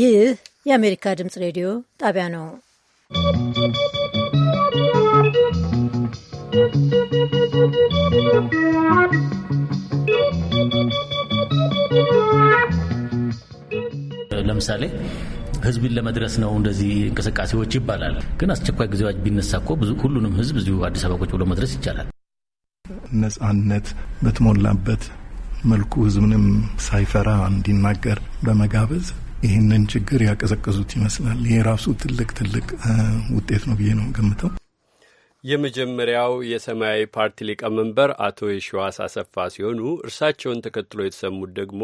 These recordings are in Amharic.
ይህ የአሜሪካ ድምፅ ሬዲዮ ጣቢያ ነው። ለምሳሌ ህዝብን ለመድረስ ነው እንደዚህ እንቅስቃሴዎች ይባላል። ግን አስቸኳይ ጊዜ አዋጅ ቢነሳ እኮ ሁሉንም ህዝብ እዚሁ አዲስ አበባ ቁጭ ብሎ መድረስ ይቻላል። ነጻነት በተሞላበት መልኩ ህዝብንም ሳይፈራ እንዲናገር በመጋበዝ ይህንን ችግር ያቀዘቀዙት ይመስላል። ይሄ ራሱ ትልቅ ትልቅ ውጤት ነው ብዬ ነው ገምተው የመጀመሪያው የሰማያዊ ፓርቲ ሊቀመንበር አቶ የሸዋስ አሰፋ ሲሆኑ እርሳቸውን ተከትሎ የተሰሙት ደግሞ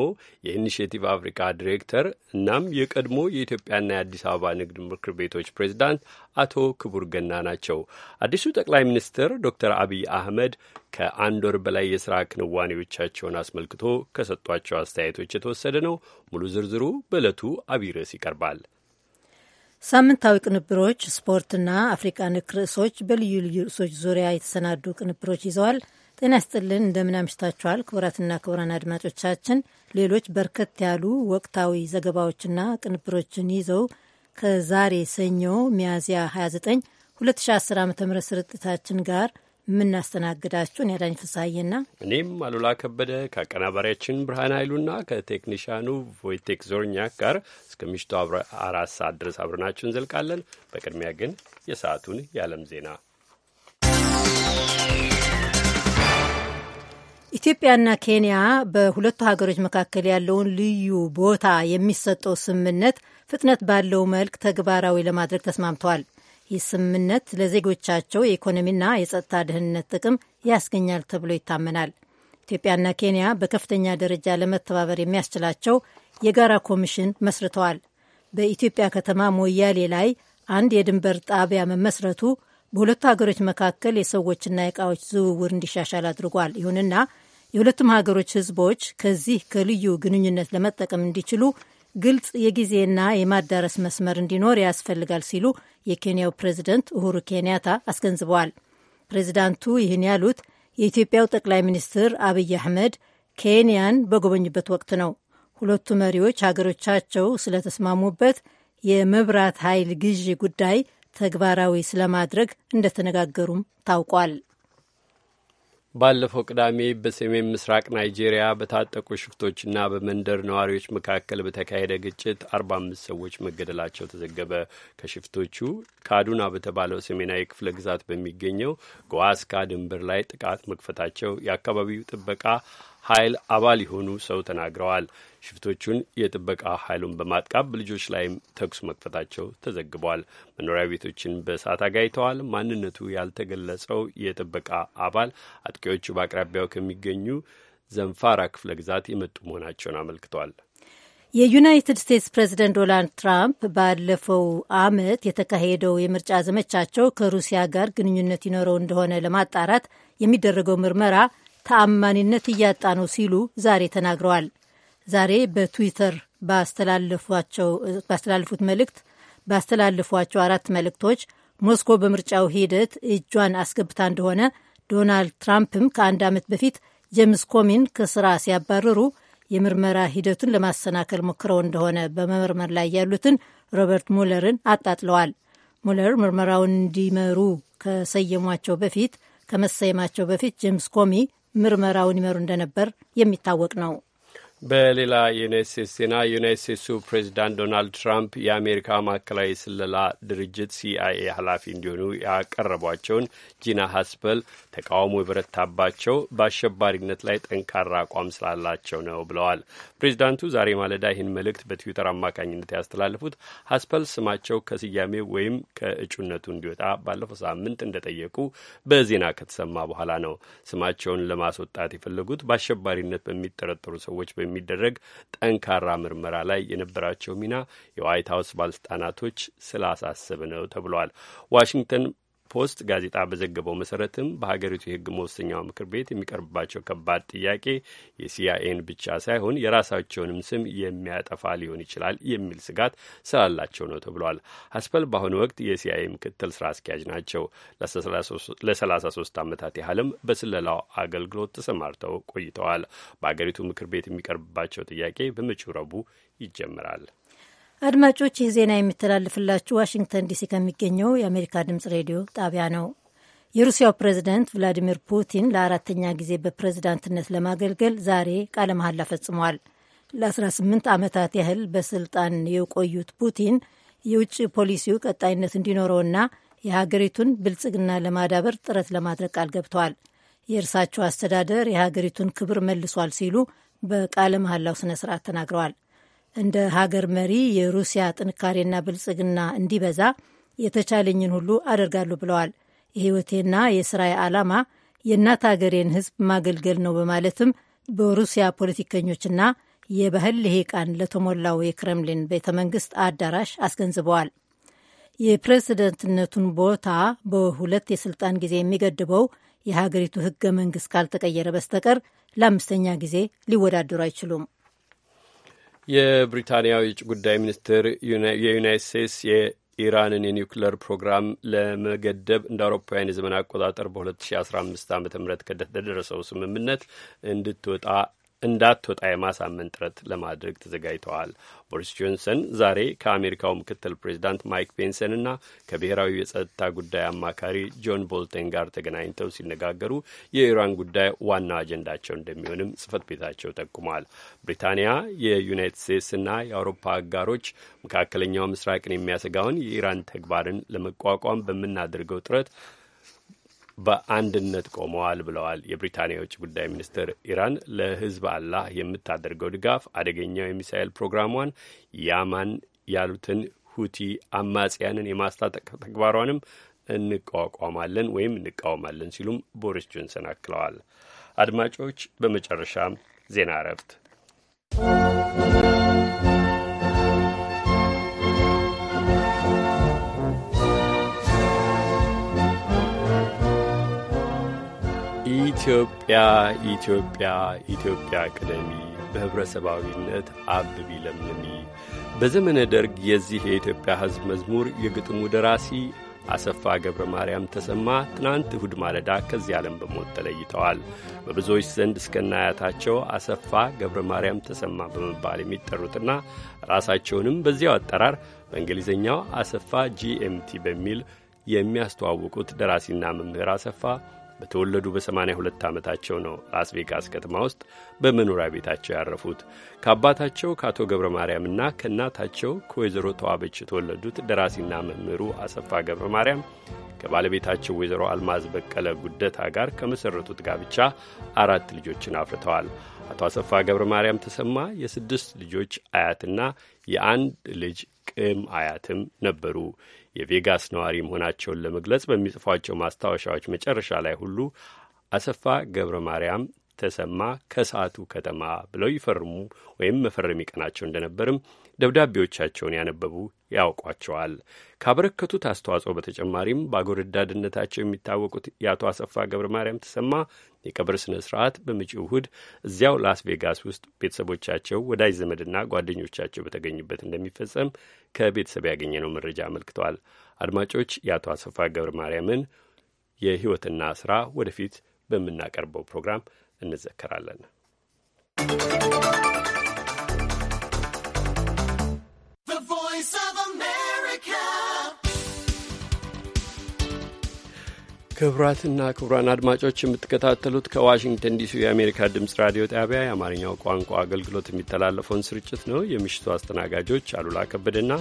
የኢኒሽቲቭ አፍሪካ ዲሬክተር እናም የቀድሞ የኢትዮጵያና የአዲስ አበባ ንግድ ምክር ቤቶች ፕሬዚዳንት አቶ ክቡር ገና ናቸው። አዲሱ ጠቅላይ ሚኒስትር ዶክተር አብይ አህመድ ከአንድ ወር በላይ የሥራ ክንዋኔዎቻቸውን አስመልክቶ ከሰጧቸው አስተያየቶች የተወሰደ ነው። ሙሉ ዝርዝሩ በዕለቱ አብይ ርዕስ ይቀርባል። ሳምንታዊ ቅንብሮች፣ ስፖርትና አፍሪቃ ነክ ርዕሶች በልዩ ልዩ ርዕሶች ዙሪያ የተሰናዱ ቅንብሮች ይዘዋል። ጤና ይስጥልን፣ እንደምን አምሽታችኋል ክቡራትና ክቡራን አድማጮቻችን። ሌሎች በርከት ያሉ ወቅታዊ ዘገባዎችና ቅንብሮችን ይዘው ከዛሬ ሰኞ ሚያዝያ 29 2010 ዓ ም ስርጭታችን ጋር የምናስተናግዳችሁን ያዳኝ ፍስሀዬና እኔም አሉላ ከበደ ከአቀናባሪያችን ብርሃን ኃይሉና ከቴክኒሻኑ ቮይቴክ ዞርኛክ ጋር እስከ ምሽቱ አራት ሰዓት ድረስ አብረናችሁ እንዘልቃለን። በቅድሚያ ግን የሰዓቱን የዓለም ዜና ኢትዮጵያና ኬንያ በሁለቱ ሀገሮች መካከል ያለውን ልዩ ቦታ የሚሰጠው ስምምነት ፍጥነት ባለው መልክ ተግባራዊ ለማድረግ ተስማምተዋል። ይህ ስምምነት ለዜጎቻቸው የኢኮኖሚና የጸጥታ ደህንነት ጥቅም ያስገኛል ተብሎ ይታመናል። ኢትዮጵያና ኬንያ በከፍተኛ ደረጃ ለመተባበር የሚያስችላቸው የጋራ ኮሚሽን መስርተዋል። በኢትዮጵያ ከተማ ሞያሌ ላይ አንድ የድንበር ጣቢያ መመስረቱ በሁለቱ ሀገሮች መካከል የሰዎችና የእቃዎች ዝውውር እንዲሻሻል አድርጓል። ይሁንና የሁለቱም ሀገሮች ህዝቦች ከዚህ ከልዩ ግንኙነት ለመጠቀም እንዲችሉ ግልጽ የጊዜና የማዳረስ መስመር እንዲኖር ያስፈልጋል ሲሉ የኬንያው ፕሬዚደንት ኡሁሩ ኬንያታ አስገንዝበዋል። ፕሬዚዳንቱ ይህን ያሉት የኢትዮጵያው ጠቅላይ ሚኒስትር አብይ አህመድ ኬንያን በጎበኙበት ወቅት ነው። ሁለቱ መሪዎች ሀገሮቻቸው ስለተስማሙበት የመብራት ኃይል ግዢ ጉዳይ ተግባራዊ ስለማድረግ እንደተነጋገሩም ታውቋል። ባለፈው ቅዳሜ በሰሜን ምስራቅ ናይጄሪያ በታጠቁ ሽፍቶችና በመንደር ነዋሪዎች መካከል በተካሄደ ግጭት አርባ አምስት ሰዎች መገደላቸው ተዘገበ። ከሽፍቶቹ ካዱና በተባለው ሰሜናዊ ክፍለ ግዛት በሚገኘው ጓስካ ድንበር ላይ ጥቃት መክፈታቸው የአካባቢው ጥበቃ ኃይል አባል የሆኑ ሰው ተናግረዋል። ሽፍቶቹን የጥበቃ ኃይሉን በማጥቃት በልጆች ላይም ተኩስ መክፈታቸው ተዘግቧል። መኖሪያ ቤቶችን በእሳት አጋይተዋል። ማንነቱ ያልተገለጸው የጥበቃ አባል አጥቂዎቹ በአቅራቢያው ከሚገኙ ዘንፋራ ክፍለ ግዛት የመጡ መሆናቸውን አመልክቷል። የዩናይትድ ስቴትስ ፕሬዚደንት ዶናልድ ትራምፕ ባለፈው ዓመት የተካሄደው የምርጫ ዘመቻቸው ከሩሲያ ጋር ግንኙነት ይኖረው እንደሆነ ለማጣራት የሚደረገው ምርመራ ተአማኒነት እያጣ ነው ሲሉ ዛሬ ተናግረዋል። ዛሬ በትዊተር ባስተላለፉት መልእክት ባስተላለፏቸው አራት መልእክቶች ሞስኮ በምርጫው ሂደት እጇን አስገብታ እንደሆነ ዶናልድ ትራምፕም ከአንድ ዓመት በፊት ጄምስ ኮሚን ከስራ ሲያባረሩ የምርመራ ሂደቱን ለማሰናከል ሞክረው እንደሆነ በመመርመር ላይ ያሉትን ሮበርት ሙለርን አጣጥለዋል። ሙለር ምርመራውን እንዲመሩ ከሰየሟቸው በፊት ከመሰየማቸው በፊት ጄምስ ኮሚ ምርመራውን ይመሩ እንደነበር የሚታወቅ ነው። በሌላ የዩናይት ስቴትስ ዜና የዩናይት ስቴትሱ ፕሬዚዳንት ዶናልድ ትራምፕ የአሜሪካ ማዕከላዊ ስለላ ድርጅት ሲአይኤ ኃላፊ እንዲሆኑ ያቀረቧቸውን ጂና ሀስበል ተቃውሞ የበረታባቸው በአሸባሪነት ላይ ጠንካራ አቋም ስላላቸው ነው ብለዋል። ፕሬዚዳንቱ ዛሬ ማለዳ ይህን መልእክት በትዊተር አማካኝነት ያስተላለፉት ሀስፐል ስማቸው ከስያሜ ወይም ከእጩነቱ እንዲወጣ ባለፈው ሳምንት እንደጠየቁ በዜና ከተሰማ በኋላ ነው። ስማቸውን ለማስወጣት የፈለጉት በአሸባሪነት በሚጠረጠሩ ሰዎች በሚደረግ ጠንካራ ምርመራ ላይ የነበራቸው ሚና የዋይት ሀውስ ባለስልጣናቶች ስላሳስብ ነው ተብሏል። ዋሽንግተን ፖስት ጋዜጣ በዘገበው መሰረትም በሀገሪቱ የህግ መወሰኛው ምክር ቤት የሚቀርብባቸው ከባድ ጥያቄ የሲአይኤን ብቻ ሳይሆን የራሳቸውንም ስም የሚያጠፋ ሊሆን ይችላል የሚል ስጋት ስላላቸው ነው ተብሏል። ሀስፐል በአሁኑ ወቅት የሲአይኤ ምክትል ስራ አስኪያጅ ናቸው። ለ33 ዓመታት ያህልም በስለላው አገልግሎት ተሰማርተው ቆይተዋል። በሀገሪቱ ምክር ቤት የሚቀርብባቸው ጥያቄ በመጪው ረቡዕ ይጀምራል። አድማጮች ይህ ዜና የሚተላልፍላችሁ ዋሽንግተን ዲሲ ከሚገኘው የአሜሪካ ድምጽ ሬዲዮ ጣቢያ ነው። የሩሲያው ፕሬዝደንት ቭላዲሚር ፑቲን ለአራተኛ ጊዜ በፕሬዝዳንትነት ለማገልገል ዛሬ ቃለ መሐላ ፈጽሟል ለ ለ18 ዓመታት ያህል በስልጣን የቆዩት ፑቲን የውጭ ፖሊሲው ቀጣይነት እንዲኖረውና የሀገሪቱን ብልጽግና ለማዳበር ጥረት ለማድረግ ቃል ገብተዋል። የእርሳቸው አስተዳደር የሀገሪቱን ክብር መልሷል ሲሉ በቃለ መሐላው ስነ ስርዓት ተናግረዋል። እንደ ሀገር መሪ የሩሲያ ጥንካሬና ብልጽግና እንዲበዛ የተቻለኝን ሁሉ አደርጋለሁ ብለዋል። የህይወቴና የስራዬ ዓላማ የእናት ሀገሬን ህዝብ ማገልገል ነው በማለትም በሩሲያ ፖለቲከኞችና የባህል ልሂቃን ለተሞላው የክረምሊን ቤተ መንግስት አዳራሽ አስገንዝበዋል። የፕሬዝደንትነቱን ቦታ በሁለት የስልጣን ጊዜ የሚገድበው የሀገሪቱ ህገ መንግስት ካልተቀየረ በስተቀር ለአምስተኛ ጊዜ ሊወዳደሩ አይችሉም። የብሪታንያ የውጭ ጉዳይ ሚኒስትር የዩናይት ስቴትስ የኢራንን የኒውክለር ፕሮግራም ለመገደብ እንደ አውሮፓውያን የዘመን አቆጣጠር በ2015 ዓ ም ከተደረሰው ስምምነት እንድትወጣ እንዳትወጣ የማሳመን ጥረት ለማድረግ ተዘጋጅተዋል። ቦሪስ ጆንሰን ዛሬ ከአሜሪካው ምክትል ፕሬዚዳንት ማይክ ፔንሰን እና ከብሔራዊ የጸጥታ ጉዳይ አማካሪ ጆን ቦልተን ጋር ተገናኝተው ሲነጋገሩ የኢራን ጉዳይ ዋና አጀንዳቸው እንደሚሆንም ጽህፈት ቤታቸው ጠቁሟል። ብሪታንያ፣ የዩናይትድ ስቴትስና የአውሮፓ አጋሮች መካከለኛው ምስራቅን የሚያሰጋውን የኢራን ተግባርን ለመቋቋም በምናደርገው ጥረት በአንድነት ቆመዋል ብለዋል። የብሪታንያ የውጭ ጉዳይ ሚኒስትር ኢራን ለህዝብ አላህ የምታደርገው ድጋፍ አደገኛው የሚሳኤል ፕሮግራሟን ያማን ያሉትን ሁቲ አማጽያንን የማስታጠቅ ተግባሯንም እንቋቋማለን ወይም እንቃወማለን ሲሉም ቦሪስ ጆንሰን አክለዋል። አድማጮች፣ በመጨረሻም ዜና እረፍት ኢትዮጵያ ኢትዮጵያ ኢትዮጵያ ቅደሚ፣ በኅብረተሰባዊነት አብቢ ለምልሚ። በዘመነ ደርግ የዚህ የኢትዮጵያ ሕዝብ መዝሙር የግጥሙ ደራሲ አሰፋ ገብረ ማርያም ተሰማ ትናንት እሁድ ማለዳ ከዚህ ዓለም በሞት ተለይተዋል። በብዙዎች ዘንድ እስከናያታቸው አሰፋ ገብረ ማርያም ተሰማ በመባል የሚጠሩትና ራሳቸውንም በዚያው አጠራር በእንግሊዝኛው አሰፋ ጂኤምቲ በሚል የሚያስተዋውቁት ደራሲና መምህር አሰፋ በተወለዱ በ82 ዓመታቸው ነው ላስ ቬጋስ ከተማ ውስጥ በመኖሪያ ቤታቸው ያረፉት። ከአባታቸው ከአቶ ገብረ ማርያምና ከእናታቸው ከወይዘሮ ተዋበች የተወለዱት ደራሲና መምህሩ አሰፋ ገብረ ማርያም ከባለቤታቸው ወይዘሮ አልማዝ በቀለ ጉደታ ጋር ከመሠረቱት ጋብቻ አራት ልጆችን አፍርተዋል። አቶ አሰፋ ገብረ ማርያም ተሰማ የስድስት ልጆች አያትና የአንድ ልጅ ቅም አያትም ነበሩ። የቬጋስ ነዋሪ መሆናቸውን ለመግለጽ በሚጽፏቸው ማስታወሻዎች መጨረሻ ላይ ሁሉ አሰፋ ገብረ ማርያም ተሰማ ከሰዓቱ ከተማ ብለው ይፈርሙ ወይም መፈረም ይቀናቸው እንደነበርም ደብዳቤዎቻቸውን ያነበቡ ያውቋቸዋል። ካበረከቱት አስተዋጽኦ በተጨማሪም በአጎረዳድነታቸው የሚታወቁት የአቶ አሰፋ ገብረ ማርያም ተሰማ የቀብር ስነ ስርዓት በመጪው እሁድ እዚያው ላስ ቬጋስ ውስጥ ቤተሰቦቻቸው፣ ወዳጅ ዘመድና ጓደኞቻቸው በተገኙበት እንደሚፈጸም ከቤተሰብ ያገኘነው መረጃ አመልክተዋል። አድማጮች የአቶ አሰፋ ገብረ ማርያምን የህይወትና ስራ ወደፊት በምናቀርበው ፕሮግራም እንዘከራለን። ክቡራትና ክቡራን አድማጮች የምትከታተሉት ከዋሽንግተን ዲሲ የአሜሪካ ድምፅ ራዲዮ ጣቢያ የአማርኛው ቋንቋ አገልግሎት የሚተላለፈውን ስርጭት ነው። የምሽቱ አስተናጋጆች አሉላ ከበደና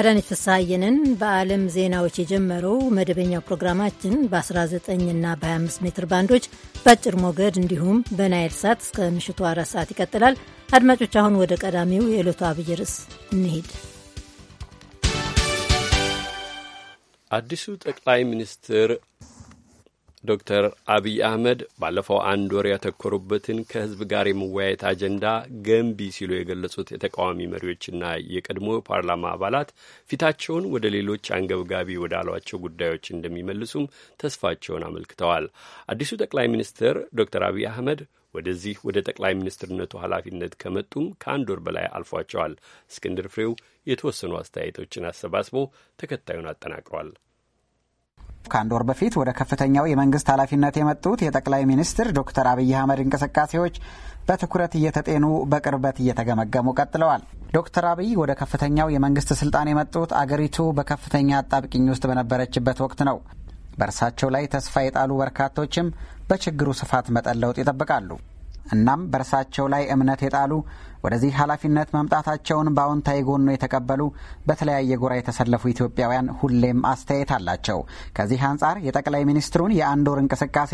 አዳነች ፍስሐየንን። በዓለም ዜናዎች የጀመረው መደበኛ ፕሮግራማችን በ19ና በ25 ሜትር ባንዶች በአጭር ሞገድ እንዲሁም በናይል ሳት እስከ ምሽቱ አራት ሰዓት ይቀጥላል። አድማጮች አሁን ወደ ቀዳሚው የዕለቱ አብይ ርዕስ እንሂድ። አዲሱ ጠቅላይ ሚኒስትር ዶክተር አብይ አህመድ ባለፈው አንድ ወር ያተኮሩበትን ከህዝብ ጋር የመወያየት አጀንዳ ገንቢ ሲሉ የገለጹት የተቃዋሚ መሪዎችና የቀድሞ ፓርላማ አባላት ፊታቸውን ወደ ሌሎች አንገብጋቢ ወዳሏቸው ጉዳዮች እንደሚመልሱም ተስፋቸውን አመልክተዋል። አዲሱ ጠቅላይ ሚኒስትር ዶክተር አብይ አህመድ ወደዚህ ወደ ጠቅላይ ሚኒስትርነቱ ኃላፊነት ከመጡም ከአንድ ወር በላይ አልፏቸዋል። እስክንድር ፍሬው የተወሰኑ አስተያየቶችን አሰባስቦ ተከታዩን አጠናቅሯል። ከአንድ ወር በፊት ወደ ከፍተኛው የመንግስት ኃላፊነት የመጡት የጠቅላይ ሚኒስትር ዶክተር አብይ አህመድ እንቅስቃሴዎች በትኩረት እየተጤኑ በቅርበት እየተገመገሙ ቀጥለዋል። ዶክተር አብይ ወደ ከፍተኛው የመንግስት ስልጣን የመጡት አገሪቱ በከፍተኛ አጣብቂኝ ውስጥ በነበረችበት ወቅት ነው። በእርሳቸው ላይ ተስፋ የጣሉ በርካቶችም በችግሩ ስፋት መጠን ለውጥ ይጠብቃሉ። እናም በእርሳቸው ላይ እምነት የጣሉ ወደዚህ ኃላፊነት መምጣታቸውን በአዎንታዊ ጎኑ የተቀበሉ በተለያየ ጎራ የተሰለፉ ኢትዮጵያውያን ሁሌም አስተያየት አላቸው። ከዚህ አንጻር የጠቅላይ ሚኒስትሩን የአንድ ወር እንቅስቃሴ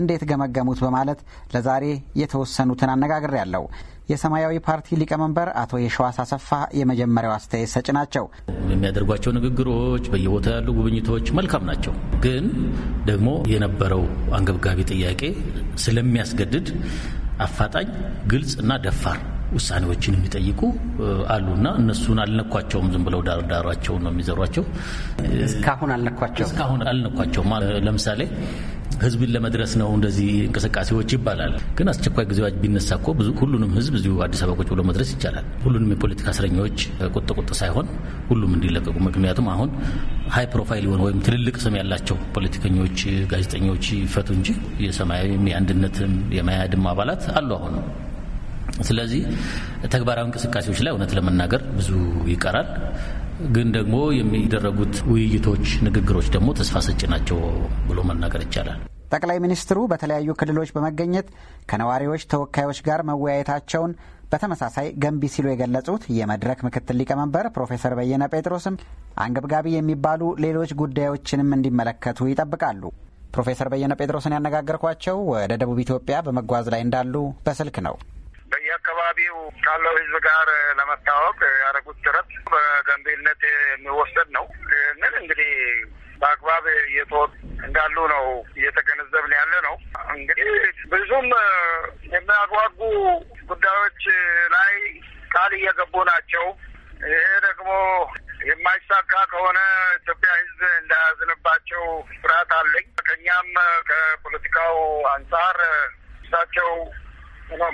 እንዴት ገመገሙት በማለት ለዛሬ የተወሰኑትን አነጋግሬያለሁ። የሰማያዊ ፓርቲ ሊቀመንበር አቶ የሸዋስ አሰፋ የመጀመሪያው አስተያየት ሰጭ ናቸው። የሚያደርጓቸው ንግግሮች፣ በየቦታው ያሉ ጉብኝቶች መልካም ናቸው። ግን ደግሞ የነበረው አንገብጋቢ ጥያቄ ስለሚያስገድድ አፋጣኝ፣ ግልጽ እና ደፋር ውሳኔዎችን የሚጠይቁ አሉና እነሱን አልነኳቸውም። ዝም ብለው ዳርዳራቸውን ነው የሚዘሯቸው። እስካሁን እስካሁን አልነኳቸው። ለምሳሌ ህዝብን ለመድረስ ነው እንደዚህ እንቅስቃሴዎች ይባላል። ግን አስቸኳይ ጊዜ አዋጅ ቢነሳ እኮ ሁሉንም ህዝብ እዚሁ አዲስ አበባ ቁጭ ብሎ መድረስ ይቻላል። ሁሉንም የፖለቲካ እስረኞች ቁጥ ቁጥ ሳይሆን ሁሉም እንዲለቀቁ። ምክንያቱም አሁን ሀይ ፕሮፋይል የሆነ ወይም ትልልቅ ስም ያላቸው ፖለቲከኞች፣ ጋዜጠኞች ይፈቱ እንጂ የሰማያዊም የአንድነትም የመያድም አባላት አሉ አሁን ስለዚህ ተግባራዊ እንቅስቃሴዎች ላይ እውነት ለመናገር ብዙ ይቀራል። ግን ደግሞ የሚደረጉት ውይይቶች፣ ንግግሮች ደግሞ ተስፋ ሰጭ ናቸው ብሎ መናገር ይቻላል። ጠቅላይ ሚኒስትሩ በተለያዩ ክልሎች በመገኘት ከነዋሪዎች ተወካዮች ጋር መወያየታቸውን በተመሳሳይ ገንቢ ሲሉ የገለጹት የመድረክ ምክትል ሊቀመንበር ፕሮፌሰር በየነ ጴጥሮስም አንገብጋቢ የሚባሉ ሌሎች ጉዳዮችንም እንዲመለከቱ ይጠብቃሉ። ፕሮፌሰር በየነ ጴጥሮስን ያነጋገርኳቸው ወደ ደቡብ ኢትዮጵያ በመጓዝ ላይ እንዳሉ በስልክ ነው። በየአካባቢው ካለው ህዝብ ጋር ለመታወቅ ያደረጉት ጥረት በገንቢነት የሚወሰድ ነው። ምን እንግዲህ በአግባብ እየተወጡ እንዳሉ ነው እየተገነዘብን ያለ ነው። እንግዲህ ብዙም የሚያጓጉ ጉዳዮች ላይ ቃል እየገቡ ናቸው። ይሄ ደግሞ የማይሳካ ከሆነ ኢትዮጵያ ህዝብ እንዳያዝንባቸው ፍርሃት አለኝ። ከእኛም ከፖለቲካው አንጻር እሳቸው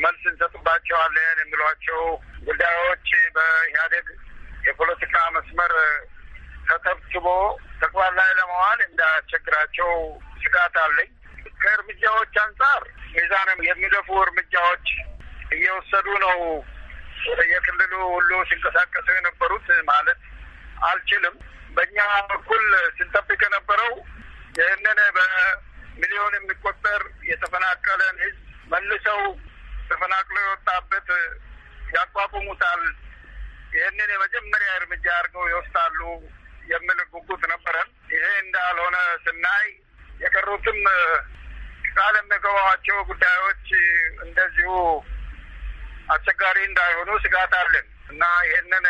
መልስ እንሰጡባቸዋለን የሚሏቸው ጉዳዮች በኢህአዴግ የፖለቲካ መስመር ተተብትቦ ተግባር ላይ ለመዋል እንዳያስቸግራቸው ስጋት አለኝ። ከእርምጃዎች አንጻር ሚዛንም የሚደፉ እርምጃዎች እየወሰዱ ነው። የክልሉ ሁሉ ሲንቀሳቀሱ የነበሩት ማለት አልችልም። በእኛ በኩል ስንጠብቅ የነበረው ይህንን በሚሊዮን የሚቆጠር የተፈናቀለን ህዝብ መልሰው ተፈናቅሎ የወጣበት ያቋቁሙታል፣ ይህንን የመጀመሪያ እርምጃ አድርገው ይወስዳሉ የሚል ጉጉት ነበረን። ይሄ እንዳልሆነ ስናይ የቀሩትም ቃል የሚገባቸው ጉዳዮች እንደዚሁ አስቸጋሪ እንዳይሆኑ ስጋት አለን እና ይህንን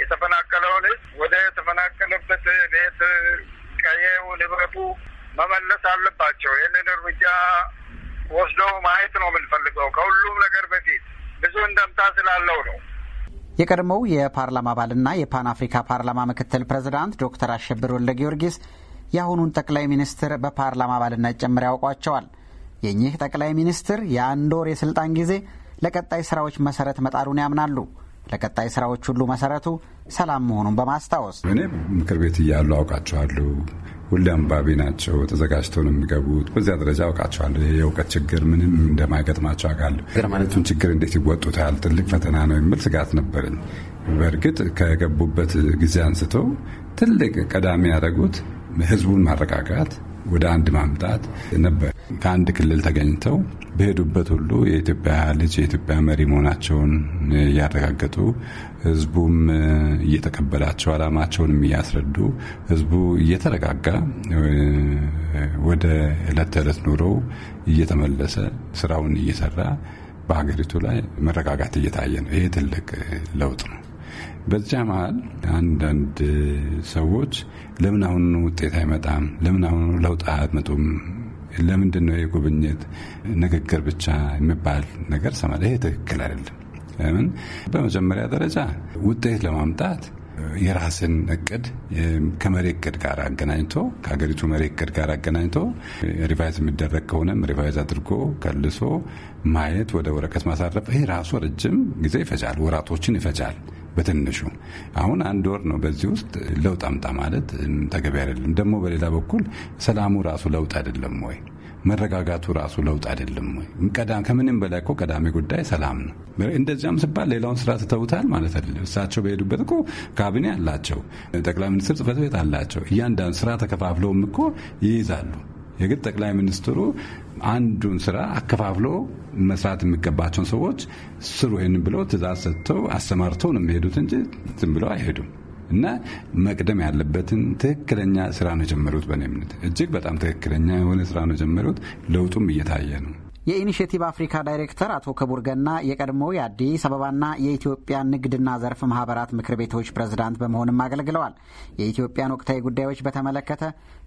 የተፈናቀለውን ወደ ተፈናቀለበት ቤት፣ ቀየው፣ ንብረቱ መመለስ አለባቸው። ይህንን እርምጃ ወስዶ ማየት ነው የምንፈልገው። ከሁሉም ነገር በፊት ብዙ እንደምታ ስላለው ነው። የቀድሞው የፓርላማ አባልና የፓን አፍሪካ ፓርላማ ምክትል ፕሬዝዳንት ዶክተር አሸብር ወልደ ጊዮርጊስ የአሁኑን ጠቅላይ ሚኒስትር በፓርላማ አባልነት ጭምር ያውቋቸዋል። የኚህ ጠቅላይ ሚኒስትር የአንድ ወር የስልጣን ጊዜ ለቀጣይ ስራዎች መሰረት መጣሉን ያምናሉ። ለቀጣይ ስራዎች ሁሉ መሰረቱ ሰላም መሆኑን በማስታወስ እኔ ምክር ቤት እያሉ አውቃቸዋለሁ። ሁሌ አንባቢ ናቸው። ተዘጋጅተው ነው የሚገቡት። በዚያ ደረጃ አውቃቸዋለሁ። የእውቀት ችግር ምንም እንደማይገጥማቸው አውቃለሁ። ማለቱን ችግር እንዴት ይወጡታል? ትልቅ ፈተና ነው የሚል ስጋት ነበረኝ። በእርግጥ ከገቡበት ጊዜ አንስቶ ትልቅ ቀዳሚ ያደረጉት ህዝቡን ማረጋጋት ወደ አንድ ማምጣት ነበር። ከአንድ ክልል ተገኝተው በሄዱበት ሁሉ የኢትዮጵያ ልጅ የኢትዮጵያ መሪ መሆናቸውን እያረጋገጡ ህዝቡም እየተቀበላቸው አላማቸውንም እያስረዱ ህዝቡ እየተረጋጋ ወደ ዕለት ተዕለት ኑሮው እየተመለሰ ስራውን እየሰራ በሀገሪቱ ላይ መረጋጋት እየታየ ነው። ይሄ ትልቅ ለውጥ ነው። በዚያ መሀል አንዳንድ ሰዎች ለምን አሁኑ ውጤት አይመጣም? ለምን አሁኑ ለውጥ አያመጡም? ለምንድን ነው የጉብኝት ንግግር ብቻ የሚባል ነገር ሰማ። ይሄ ትክክል አይደለም። ለምን በመጀመሪያ ደረጃ ውጤት ለማምጣት የራስን እቅድ ከመሪ እቅድ ጋር አገናኝቶ ከሀገሪቱ መሪ እቅድ ጋር አገናኝቶ ሪቫይዝ የሚደረግ ከሆነም ሪቫይዝ አድርጎ ከልሶ ማየት፣ ወደ ወረቀት ማሳረፍ ይሄ ራሱ ረጅም ጊዜ ይፈጃል፣ ወራቶችን ይፈጃል። በትንሹ አሁን አንድ ወር ነው። በዚህ ውስጥ ለውጥ አምጣ ማለት ተገቢ አይደለም። ደግሞ በሌላ በኩል ሰላሙ ራሱ ለውጥ አይደለም ወይ? መረጋጋቱ ራሱ ለውጥ አይደለም ወይ? ከምንም በላይ እኮ ቀዳሚ ጉዳይ ሰላም ነው። እንደዚያም ሲባል ሌላውን ስራ ትተውታል ማለት አይደለም። እሳቸው በሄዱበት እኮ ካቢኔ አላቸው፣ ጠቅላይ ሚኒስትር ጽህፈት ቤት አላቸው። እያንዳንዱ ስራ ተከፋፍለውም እኮ ይይዛሉ። የግድ ጠቅላይ ሚኒስትሩ አንዱን ስራ አከፋፍሎ መስራት የሚገባቸውን ሰዎች ስሩ ይህን ብለው ትእዛዝ ሰጥተው አሰማርተው ነው የሚሄዱት እንጂ ዝም ብለው አይሄዱም። እና መቅደም ያለበትን ትክክለኛ ስራ ነው የጀመሩት። በእኔ እምነት እጅግ በጣም ትክክለኛ የሆነ ስራ ነው የጀመሩት። ለውጡም እየታየ ነው። የኢኒሽቲቭ አፍሪካ ዳይሬክተር አቶ ክቡር ገና የቀድሞ የአዲስ አበባና የኢትዮጵያ ንግድና ዘርፍ ማህበራት ምክር ቤቶች ፕሬዝዳንት በመሆንም አገልግለዋል። የኢትዮጵያን ወቅታዊ ጉዳዮች በተመለከተ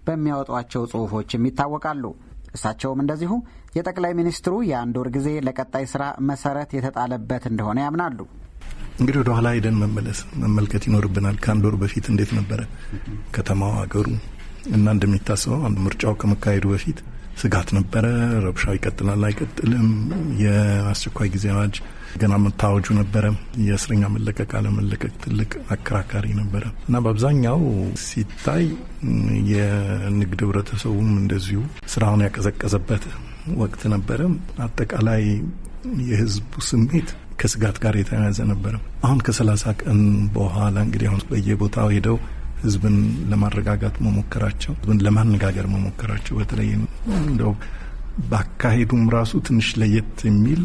በሚያወጧቸው ጽሁፎችም ይታወቃሉ። እሳቸውም እንደዚሁ የጠቅላይ ሚኒስትሩ የአንድ ወር ጊዜ ለቀጣይ ስራ መሰረት የተጣለበት እንደሆነ ያምናሉ። እንግዲህ ወደ ኋላ ሄደን መመለስ መመልከት ይኖርብናል። ከአንድ ወር በፊት እንዴት ነበረ ከተማው፣ አገሩ እና እንደሚታሰበው አንድ ምርጫው ከመካሄዱ በፊት ስጋት ነበረ። ረብሻው ይቀጥላል አይቀጥልም፣ የአስቸኳይ ጊዜ አዋጅ ገና የምታወጁ ነበረ። የእስረኛ መለቀቅ አለመለቀቅ ትልቅ አከራካሪ ነበረ እና በአብዛኛው ሲታይ የንግድ ህብረተሰቡም እንደዚሁ ስራውን ያቀዘቀዘበት ወቅት ነበረ። አጠቃላይ የህዝቡ ስሜት ከስጋት ጋር የተያያዘ ነበረ። አሁን ከሰላሳ ቀን በኋላ እንግዲህ አሁን በየቦታው ሄደው ህዝብን ለማረጋጋት መሞከራቸው፣ ህዝብን ለማነጋገር መሞከራቸው በተለይ እንደው በአካሄዱም ራሱ ትንሽ ለየት የሚል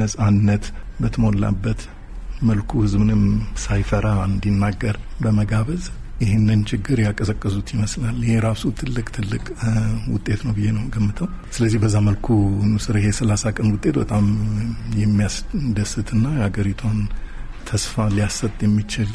ነጻነት በተሞላበት መልኩ ህዝብንም ሳይፈራ እንዲናገር በመጋበዝ ይህንን ችግር ያቀዘቀዙት ይመስላል። ይሄ ራሱ ትልቅ ትልቅ ውጤት ነው ብዬ ነው ገምተው። ስለዚህ በዛ መልኩ ስር ይሄ ሰላሳ ቀን ውጤት በጣም የሚያስደስትና የሀገሪቷን ተስፋ ሊያሰጥ የሚችል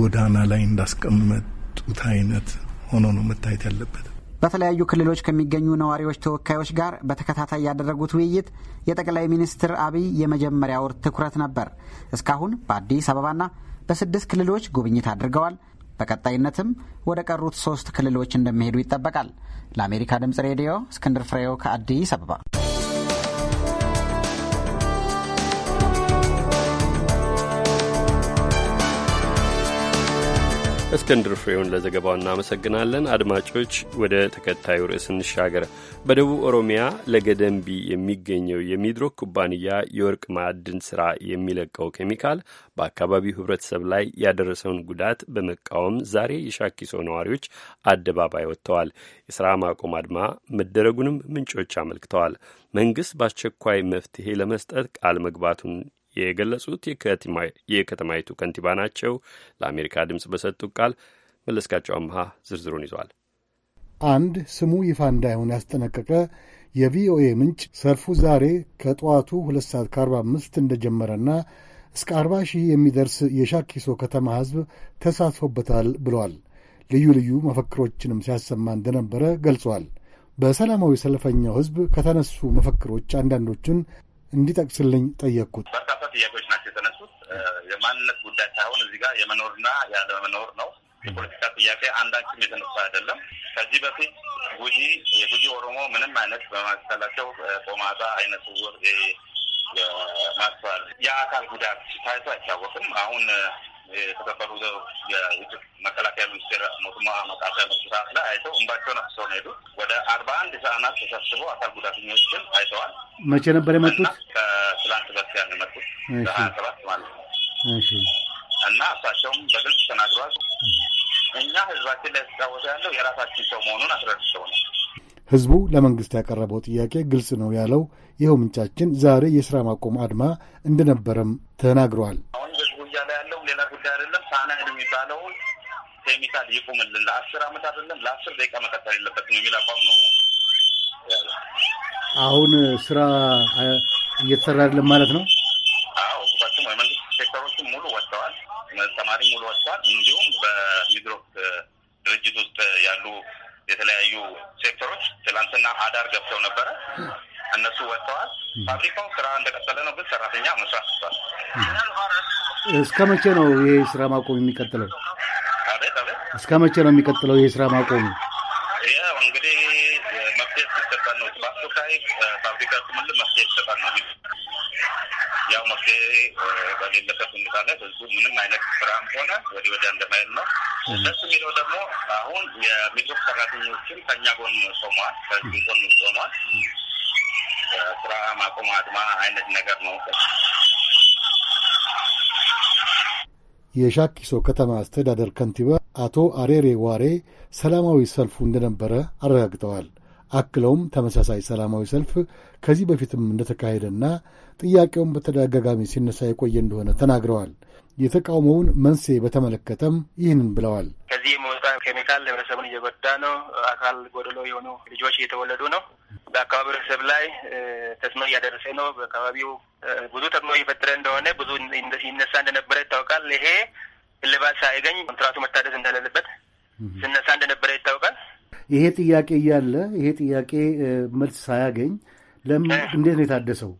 ጎዳና ላይ እንዳስቀመጡት አይነት ሆኖ ነው መታየት ያለበት። በተለያዩ ክልሎች ከሚገኙ ነዋሪዎች ተወካዮች ጋር በተከታታይ ያደረጉት ውይይት የጠቅላይ ሚኒስትር አብይ የመጀመሪያ ወር ትኩረት ነበር። እስካሁን በአዲስ አበባና በስድስት ክልሎች ጉብኝት አድርገዋል። በቀጣይነትም ወደ ቀሩት ሶስት ክልሎች እንደሚሄዱ ይጠበቃል። ለአሜሪካ ድምጽ ሬዲዮ እስክንድር ፍሬው ከአዲስ አበባ እስክንድር ፍሬውን ለዘገባው እናመሰግናለን። አድማጮች ወደ ተከታዩ ርዕስ እንሻገር። በደቡብ ኦሮሚያ ለገደንቢ የሚገኘው የሚድሮክ ኩባንያ የወርቅ ማዕድን ስራ የሚለቀው ኬሚካል በአካባቢው ሕብረተሰብ ላይ ያደረሰውን ጉዳት በመቃወም ዛሬ የሻኪሶ ነዋሪዎች አደባባይ ወጥተዋል። የስራ ማቆም አድማ መደረጉንም ምንጮች አመልክተዋል። መንግስት በአስቸኳይ መፍትሄ ለመስጠት ቃል መግባቱን የገለጹት የከተማይቱ ከንቲባ ናቸው። ለአሜሪካ ድምፅ በሰጡት ቃል መለስካቸው አምሃ ዝርዝሩን ይዟል። አንድ ስሙ ይፋ እንዳይሆን ያስጠነቀቀ የቪኦኤ ምንጭ ሰልፉ ዛሬ ከጠዋቱ 2 ሰዓት ከ45 እንደጀመረና እስከ 40 ሺህ የሚደርስ የሻኪሶ ከተማ ሕዝብ ተሳትፎበታል ብለዋል። ልዩ ልዩ መፈክሮችንም ሲያሰማ እንደነበረ ገልጿል። በሰላማዊ ሰልፈኛው ሕዝብ ከተነሱ መፈክሮች አንዳንዶቹን እንዲጠቅስልኝ ጠየቅኩት። በርካታ ጥያቄዎች ናቸው የተነሱት። የማንነት ጉዳይ ሳይሆን እዚህ ጋር የመኖርና ያለመኖር ነው። የፖለቲካ ጥያቄ አንዳችም የተነሳ አይደለም። ከዚህ በፊት ጉጂ የጉጂ ኦሮሞ ምንም አይነት በማስተላቸው ቆማጣ፣ አይነት ስውር፣ ማስተዋል፣ የአካል ጉዳት ታይቶ አይታወቅም። አሁን የተከፈሉ መከላከያ ሚኒስቴር ሞቱማ ላይ አይተው እንባቸውን አፍሰው ነው ሄዱት። ወደ አርባ አንድ ህጻናት ተሰብስበው አካል ጉዳተኞችን አይተዋል። መቼ ነበር የመጡት? ከትላንት በስቲያ ነው የመጡት ሀያ ሰባት ማለት ነው እና እሳቸውም በግልጽ ተናግረዋል። እኛ ህዝባችን ላይ ተጫወተ ያለው የራሳችን ሰው መሆኑን አስረድተው ነው። ህዝቡ ለመንግስት ያቀረበው ጥያቄ ግልጽ ነው ያለው ይኸው ምንጫችን ዛሬ የስራ ማቆም አድማ እንደነበረም ተናግረዋል። ጉዳይ አይደለም። ሳናይድ የሚባለውን ኬሚካል ይቁምልን፣ ለአስር አመት አይደለም ለአስር ደቂቃ መቀጠል የለበትም የሚል አቋም ነው። አሁን ስራ እየተሰራ አይደለም ማለት ነው። አዎ ሁባችም የመንግስት ሴክተሮችም ሙሉ ወጥተዋል። ተማሪ ሙሉ ወጥተዋል። እንዲሁም በሚድሮክ ድርጅት ውስጥ ያሉ የተለያዩ ሴክተሮች ትላንትና አዳር ገብተው ነበረ። እነሱ ወጥተዋል። ፋብሪካው ስራ እንደቀጠለ ነው፣ ግን ሰራተኛ መስራት ትቷል። እስከ መቼ ነው ይሄ ስራ ማቆም የሚቀጥለው? እስከ መቼ ነው የሚቀጥለው ይሄ ስራ ማቆሙ? እንግዲህ መፍትሄ ፋብሪካ መፍትሄ በሌለበት ሁኔታ ላይ ምንም አይነት ነው። ደስ የሚለው ደግሞ አሁን የሚድሮክ ሰራተኞችም ከኛ ጎን ቆመዋል፣ ጎን ቆመዋል። ስራ ማቆም አድማ አይነት ነገር ነው የሻኪሶ ከተማ አስተዳደር ከንቲባ አቶ አሬሬ ዋሬ ሰላማዊ ሰልፉ እንደነበረ አረጋግጠዋል። አክለውም ተመሳሳይ ሰላማዊ ሰልፍ ከዚህ በፊትም እንደተካሄደና ጥያቄውን በተደጋጋሚ ሲነሳ የቆየ እንደሆነ ተናግረዋል። የተቃውሞውን መንስኤ በተመለከተም ይህንን ብለዋል። ከዚህ የሚወጣ ኬሚካል ህብረተሰቡን እየጎዳ ነው። አካል ጎደሎ የሆኑ ልጆች እየተወለዱ ነው። በአካባቢው ህብረተሰብ ላይ ተጽዕኖ እያደረሰ ነው። በአካባቢው ብዙ ተጽዕኖ እየፈጠረ እንደሆነ ብዙ ይነሳ እንደነበረ ይታወቃል። ይሄ እልባት ሳይገኝ ኮንትራቱ መታደስ እንደሌለበት ስነሳ እንደነበረ ይታወቃል። ይሄ ጥያቄ እያለ ይሄ ጥያቄ መልስ ሳያገኝ ለምን እንዴት ነው የታደሰው?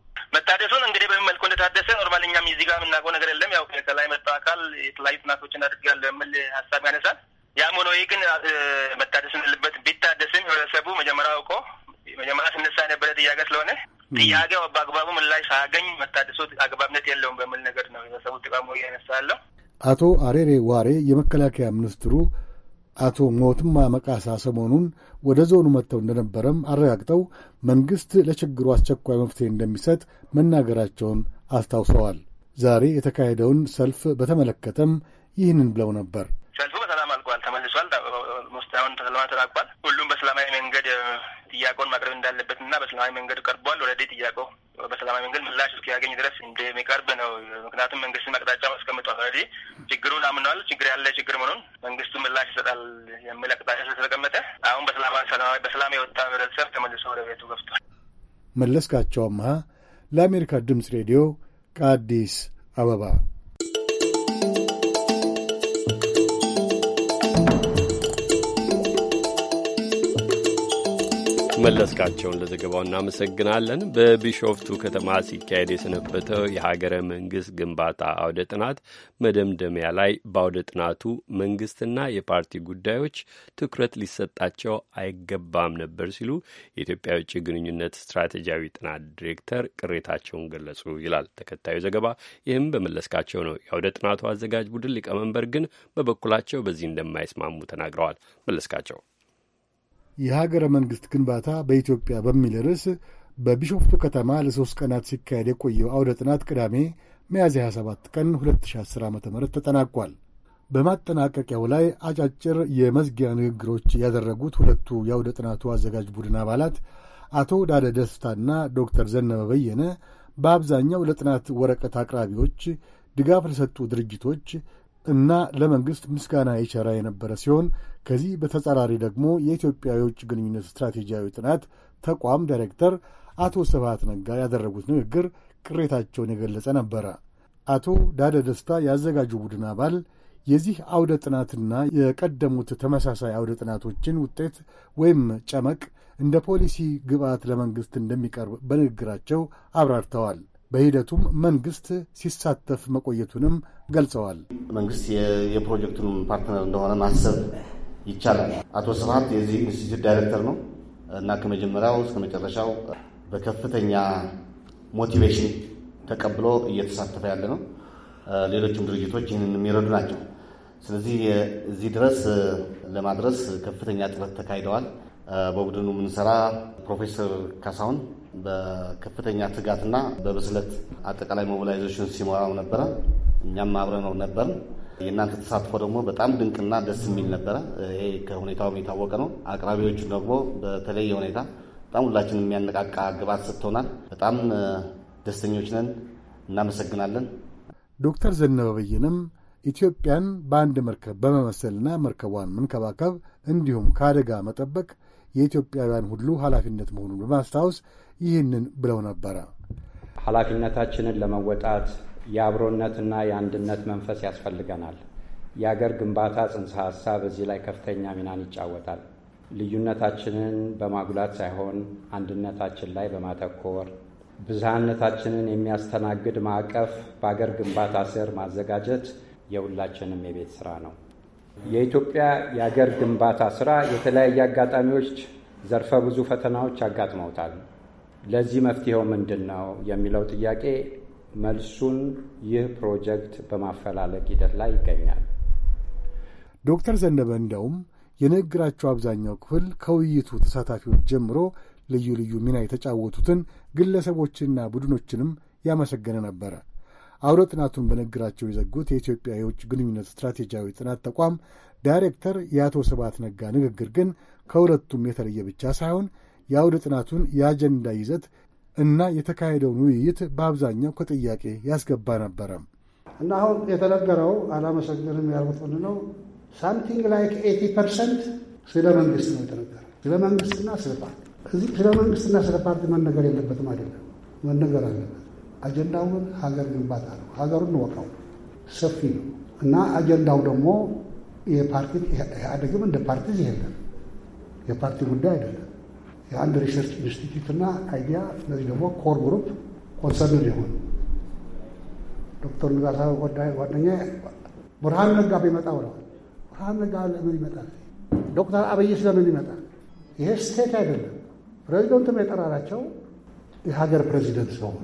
እኛም እዚህ ጋር የምናውቀው ነገር የለም። ያው ከላይ መጣ አካል የተለያዩ ጥናቶችን አድርጋለሁ የሚል ሀሳብ ያነሳል። ያም ሆኖ ይህ ግን መታደስ የሌለበት ቢታደስም ህብረተሰቡ መጀመሪያ አውቆ መጀመሪያ ስነሳ የነበረ ጥያቄ ስለሆነ ጥያቄው በአግባቡ ምላሽ ሳያገኝ መታደሱ አግባብነት የለውም በሚል ነገር ነው ህብረተሰቡ ጥቃሙ እያነሳ ያለው። አቶ አሬሬ ዋሬ የመከላከያ ሚኒስትሩ አቶ ሞትማ መቃሳ ሰሞኑን ወደ ዞኑ መጥተው እንደነበረም አረጋግጠው መንግሥት ለችግሩ አስቸኳይ መፍትሄ እንደሚሰጥ መናገራቸውን አስታውሰዋል። ዛሬ የተካሄደውን ሰልፍ በተመለከተም ይህንን ብለው ነበር። ሰልፉ በሰላም አልቋል፣ ተመልሷል። አሁን በሰላም ተጠናቋል። ሁሉም በሰላማዊ መንገድ ጥያቄውን ማቅረብ እንዳለበት እና በሰላማዊ መንገድ ቀርቧል። ወደዴ ጥያቄው በሰላማዊ መንገድ ምላሽ እስኪያገኝ ድረስ እንደሚቀርብ ነው። ምክንያቱም መንግስትን አቅጣጫ አስቀምጧል። ስለዚህ ችግሩን አምነዋል። ችግር ያለ ችግር መሆኑን መንግስቱ ምላሽ ይሰጣል የሚል አቅጣጫ ስለተቀመጠ አሁን በሰላማዊ በሰላም የወጣ ህብረተሰብ ተመልሶ ወደ ቤቱ ገብቷል። መለስካቸው አመሀ ለአሜሪካ ድምፅ ሬዲዮ ከአዲስ አበባ መለስካቸውን ለዘገባው እናመሰግናለን። በቢሾፍቱ ከተማ ሲካሄድ የሰነበተው የሀገረ መንግስት ግንባታ አውደ ጥናት መደምደሚያ ላይ በአውደ ጥናቱ መንግስትና የፓርቲ ጉዳዮች ትኩረት ሊሰጣቸው አይገባም ነበር ሲሉ የኢትዮጵያ የውጭ ግንኙነት ስትራቴጂያዊ ጥናት ዲሬክተር ቅሬታቸውን ገለጹ ይላል ተከታዩ ዘገባ። ይህም በመለስካቸው ነው። የአውደ ጥናቱ አዘጋጅ ቡድን ሊቀመንበር ግን በበኩላቸው በዚህ እንደማይስማሙ ተናግረዋል። መለስካቸው የሀገረ መንግሥት ግንባታ በኢትዮጵያ በሚል ርዕስ በቢሾፍቱ ከተማ ለሦስት ቀናት ሲካሄድ የቆየው አውደ ጥናት ቅዳሜ ሚያዝያ 27 ቀን 2010 ዓ ም ተጠናቋል። በማጠናቀቂያው ላይ አጫጭር የመዝጊያ ንግግሮች ያደረጉት ሁለቱ የአውደ ጥናቱ አዘጋጅ ቡድን አባላት አቶ ዳደ ደስታና ዶክተር ዘነበ በየነ በአብዛኛው ለጥናት ወረቀት አቅራቢዎች ድጋፍ ለሰጡ ድርጅቶች እና ለመንግሥት ምስጋና ይቸራ የነበረ ሲሆን ከዚህ በተጻራሪ ደግሞ የኢትዮጵያ የውጭ ግንኙነት ስትራቴጂያዊ ጥናት ተቋም ዳይሬክተር አቶ ስብሃት ነጋ ያደረጉት ንግግር ቅሬታቸውን የገለጸ ነበረ። አቶ ዳደ ደስታ ያዘጋጁ ቡድን አባል የዚህ አውደ ጥናትና የቀደሙት ተመሳሳይ አውደ ጥናቶችን ውጤት ወይም ጨመቅ እንደ ፖሊሲ ግብዓት ለመንግሥት እንደሚቀርብ በንግግራቸው አብራርተዋል። በሂደቱም መንግስት ሲሳተፍ መቆየቱንም ገልጸዋል። መንግስት የፕሮጀክቱን ፓርትነር እንደሆነ ማሰብ ይቻላል። አቶ ስብሀት የዚህ ኢንስቲትዩት ዳይሬክተር ነው እና ከመጀመሪያው እስከ መጨረሻው በከፍተኛ ሞቲቬሽን ተቀብሎ እየተሳተፈ ያለ ነው። ሌሎችም ድርጅቶች ይህንን የሚረዱ ናቸው። ስለዚህ እዚህ ድረስ ለማድረስ ከፍተኛ ጥረት ተካሂደዋል። በቡድኑ የምንሰራ ፕሮፌሰር ካሳሁን በከፍተኛ ትጋትና በብስለት አጠቃላይ ሞቢላይዜሽን ነው ነበረ። እኛም አብረ ነው ነበር። የእናንተ ተሳትፎ ደግሞ በጣም ድንቅና ደስ የሚል ነበረ። ይሄ ከሁኔታውም የታወቀ ነው። አቅራቢዎቹ ደግሞ በተለየ ሁኔታ በጣም ሁላችን የሚያነቃቃ ግብዓት ሰጥተውናል። በጣም ደስተኞች ነን። እናመሰግናለን። ዶክተር ዘነበ በየነም ኢትዮጵያን በአንድ መርከብ በመመሰልና መርከቧን መንከባከብ እንዲሁም ከአደጋ መጠበቅ የኢትዮጵያውያን ሁሉ ኃላፊነት መሆኑን በማስታወስ ይህንን ብለው ነበረ። ኃላፊነታችንን ለመወጣት የአብሮነትና የአንድነት መንፈስ ያስፈልገናል። የአገር ግንባታ ጽንሰ ሀሳብ እዚህ ላይ ከፍተኛ ሚናን ይጫወታል። ልዩነታችንን በማጉላት ሳይሆን አንድነታችን ላይ በማተኮር ብዝሃነታችንን የሚያስተናግድ ማዕቀፍ በአገር ግንባታ ስር ማዘጋጀት የሁላችንም የቤት ስራ ነው። የኢትዮጵያ የአገር ግንባታ ስራ የተለያየ አጋጣሚዎች፣ ዘርፈ ብዙ ፈተናዎች አጋጥመውታል። ለዚህ መፍትሄው ምንድን ነው የሚለው ጥያቄ መልሱን ይህ ፕሮጀክት በማፈላለግ ሂደት ላይ ይገኛል። ዶክተር ዘነበ እንደውም የንግግራቸው አብዛኛው ክፍል ከውይይቱ ተሳታፊዎች ጀምሮ ልዩ ልዩ ሚና የተጫወቱትን ግለሰቦችንና ቡድኖችንም ያመሰገነ ነበረ። አውደ ጥናቱን በንግግራቸው የዘጉት የኢትዮጵያ የውጭ ግንኙነት ስትራቴጂያዊ ጥናት ተቋም ዳይሬክተር የአቶ ሰባት ነጋ ንግግር ግን ከሁለቱም የተለየ ብቻ ሳይሆን የአውደ ጥናቱን የአጀንዳ ይዘት እና የተካሄደውን ውይይት በአብዛኛው ከጥያቄ ያስገባ ነበረ። እና አሁን የተነገረው አላመሰግንም ያልኩት ምንድን ነው? ሳምቲንግ ላይክ ኤቲ ፐርሰንት ስለ መንግስት ነው የተነገረ ስለ መንግስትና ስለ ፓርቲ እዚህ ስለ መንግስትና ስለ ፓርቲ መነገር የለበትም አይደለም፣ መነገር አለበት። አጀንዳውን ሀገር ግንባታ ነው። ሀገሩን እንወቀው፣ ሰፊ ነው እና አጀንዳው ደግሞ የፓርቲ ኢህአዴግም እንደ ፓርቲ ይሄለን የፓርቲ ጉዳይ አይደለም የአንድ ሪሰርች ኢንስቲትዩት እና አይዲያ እነዚህ ደግሞ ኮር ግሩፕ ኮንሰርን ሊሆን ዶክተር ንጋሳ ጓደኛ ብርሃን ነጋ ቢመጣ ብለዋል። ብርሃን ነጋ ለምን ይመጣል? ዶክተር አብይስ ለምን ይመጣል? ይሄ ስቴት አይደለም። ፕሬዚደንቱም የጠራራቸው የሀገር ፕሬዚደንት ስለሆኑ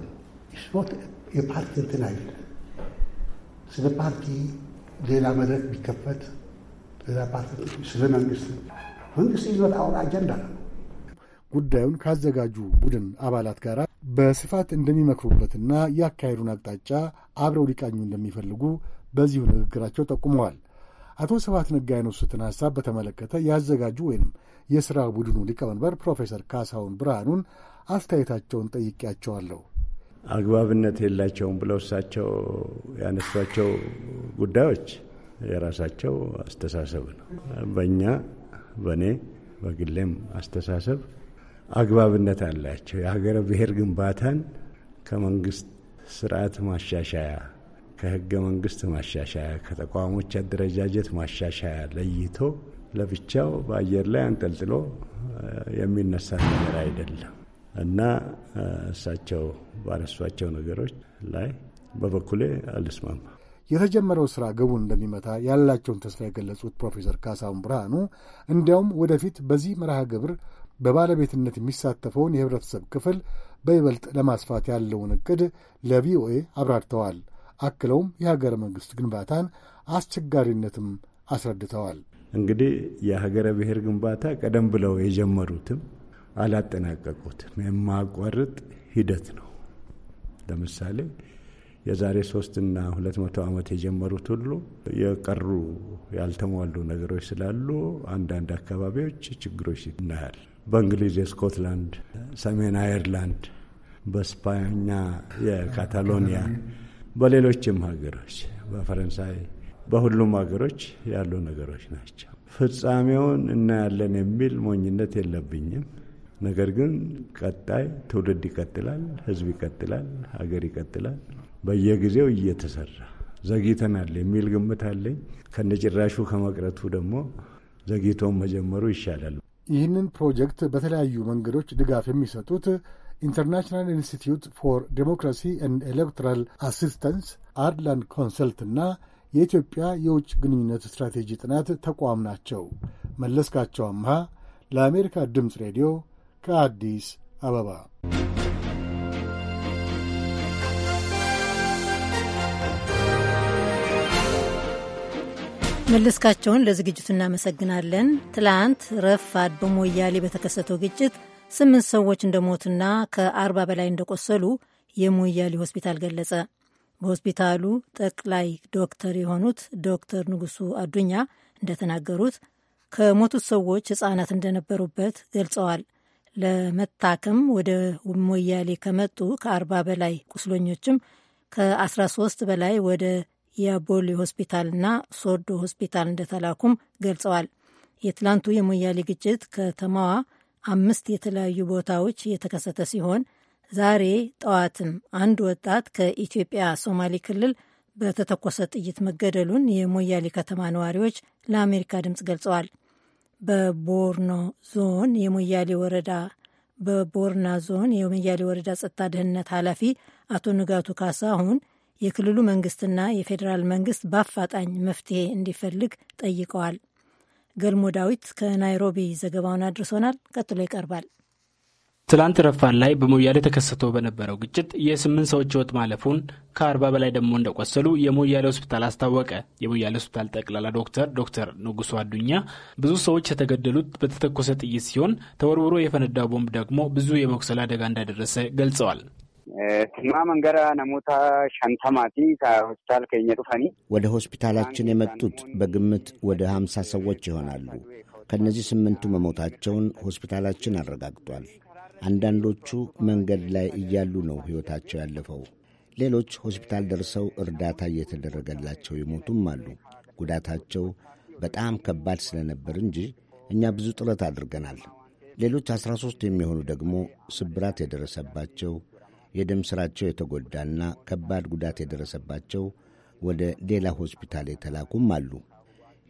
ስኖት የፓርቲ እንትን አይደለም። ስለ ፓርቲ ሌላ መድረክ ቢከፈት ሌላ ፓርቲ ስለ መንግስት መንግስት ይዞት አሁን አጀንዳ ነው ጉዳዩን ካዘጋጁ ቡድን አባላት ጋር በስፋት እንደሚመክሩበትና ያካሄዱን አቅጣጫ አብረው ሊቃኙ እንደሚፈልጉ በዚሁ ንግግራቸው ጠቁመዋል። አቶ ስብሐት ነጋ ያነሱትን ሐሳብ በተመለከተ ያዘጋጁ ወይም የሥራ ቡድኑ ሊቀመንበር ፕሮፌሰር ካሳሁን ብርሃኑን አስተያየታቸውን ጠይቄያቸዋለሁ። አግባብነት የላቸውም ብለው እሳቸው ያነሷቸው ጉዳዮች የራሳቸው አስተሳሰብ ነው። በእኛ በእኔ በግሌም አስተሳሰብ አግባብነት አላቸው። የሀገረ ብሔር ግንባታን ከመንግስት ስርዓት ማሻሻያ፣ ከህገ መንግስት ማሻሻያ፣ ከተቋሞች አደረጃጀት ማሻሻያ ለይቶ ለብቻው በአየር ላይ አንጠልጥሎ የሚነሳ ነገር አይደለም እና እሳቸው ባነሷቸው ነገሮች ላይ በበኩሌ አልስማማ። የተጀመረው ስራ ግቡን እንደሚመታ ያላቸውን ተስፋ የገለጹት ፕሮፌሰር ካሳሁን ብርሃኑ እንዲያውም ወደፊት በዚህ መርሃ ግብር በባለቤትነት የሚሳተፈውን የህብረተሰብ ክፍል በይበልጥ ለማስፋት ያለውን እቅድ ለቪኦኤ አብራርተዋል። አክለውም የሀገረ መንግሥት ግንባታን አስቸጋሪነትም አስረድተዋል። እንግዲህ የሀገረ ብሔር ግንባታ ቀደም ብለው የጀመሩትም አላጠናቀቁትም። የማቋርጥ ሂደት ነው። ለምሳሌ የዛሬ ሶስትና ሁለት መቶ ዓመት የጀመሩት ሁሉ የቀሩ ያልተሟሉ ነገሮች ስላሉ አንዳንድ አካባቢዎች ችግሮች ይናያል። በእንግሊዝ የስኮትላንድ፣ ሰሜን አየርላንድ፣ በስፓኛ የካታሎኒያ፣ በሌሎችም ሀገሮች፣ በፈረንሳይ፣ በሁሉም ሀገሮች ያሉ ነገሮች ናቸው። ፍጻሜውን እናያለን የሚል ሞኝነት የለብኝም። ነገር ግን ቀጣይ ትውልድ ይቀጥላል፣ ህዝብ ይቀጥላል፣ ሀገር ይቀጥላል። በየጊዜው እየተሰራ ዘግይተናል የሚል ግምት አለኝ። ከነጭራሹ ከመቅረቱ ደግሞ ዘግይቶን መጀመሩ ይሻላል። ይህንን ፕሮጀክት በተለያዩ መንገዶች ድጋፍ የሚሰጡት ኢንተርናሽናል ኢንስቲትዩት ፎር ዴሞክራሲ ኤንድ ኤሌክትራል አሲስተንስ፣ ኮንሰልት እና የኢትዮጵያ የውጭ ግንኙነት ስትራቴጂ ጥናት ተቋም ናቸው። መለስካቸው አምሃ ለአሜሪካ ድምፅ ሬዲዮ ከአዲስ አበባ መለስካቸውን ለዝግጅቱ እናመሰግናለን። ትላንት ረፋድ በሞያሌ በተከሰተው ግጭት ስምንት ሰዎች እንደሞቱና ከአርባ በላይ እንደቆሰሉ የሞያሌ ሆስፒታል ገለጸ። በሆስፒታሉ ጠቅላይ ዶክተር የሆኑት ዶክተር ንጉሱ አዱኛ እንደተናገሩት ከሞቱት ሰዎች ህጻናት እንደነበሩበት ገልጸዋል። ለመታከም ወደ ሞያሌ ከመጡ ከአርባ በላይ ቁስለኞችም ከአስራ ሶስት በላይ ወደ የቦሌ ሆስፒታልና ሶዶ ሆስፒታል እንደተላኩም ገልጸዋል። የትላንቱ የሞያሌ ግጭት ከተማዋ አምስት የተለያዩ ቦታዎች የተከሰተ ሲሆን ዛሬ ጠዋትም አንድ ወጣት ከኢትዮጵያ ሶማሌ ክልል በተተኮሰ ጥይት መገደሉን የሞያሌ ከተማ ነዋሪዎች ለአሜሪካ ድምፅ ገልጸዋል። በቦርኖ ዞን የሞያሌ ወረዳ በቦርና ዞን የሞያሌ ወረዳ ጸጥታ ደህንነት ኃላፊ አቶ ንጋቱ ካሳሁን የክልሉ መንግስትና የፌዴራል መንግስት በአፋጣኝ መፍትሄ እንዲፈልግ ጠይቀዋል። ገልሞ ዳዊት ከናይሮቢ ዘገባውን አድርሶናል። ቀጥሎ ይቀርባል። ትላንት ረፋን ላይ በሞያሌ ተከስቶ በነበረው ግጭት የስምንት ሰዎች ህይወት ማለፉን ከአርባ በላይ ደግሞ እንደቆሰሉ የሞያሌ ሆስፒታል አስታወቀ። የሞያሌ ሆስፒታል ጠቅላላ ዶክተር ዶክተር ንጉሱ አዱኛ ብዙ ሰዎች የተገደሉት በተተኮሰ ጥይት ሲሆን ተወርውሮ የፈነዳው ቦምብ ደግሞ ብዙ የመቁሰል አደጋ እንዳደረሰ ገልጸዋል። ስማመን ገራ ነሞታ ሸንተማቲ ከሆስፒታል ከኛ ጡፈኒ ወደ ሆስፒታላችን የመጡት በግምት ወደ ሀምሳ ሰዎች ይሆናሉ። ከእነዚህ ስምንቱ መሞታቸውን ሆስፒታላችን አረጋግጧል። አንዳንዶቹ መንገድ ላይ እያሉ ነው ሕይወታቸው ያለፈው። ሌሎች ሆስፒታል ደርሰው እርዳታ እየተደረገላቸው የሞቱም አሉ። ጉዳታቸው በጣም ከባድ ስለነበር እንጂ እኛ ብዙ ጥረት አድርገናል። ሌሎች አስራ ሦስት የሚሆኑ ደግሞ ስብራት የደረሰባቸው የደም ሥራቸው የተጎዳና ከባድ ጉዳት የደረሰባቸው ወደ ሌላ ሆስፒታል የተላኩም አሉ።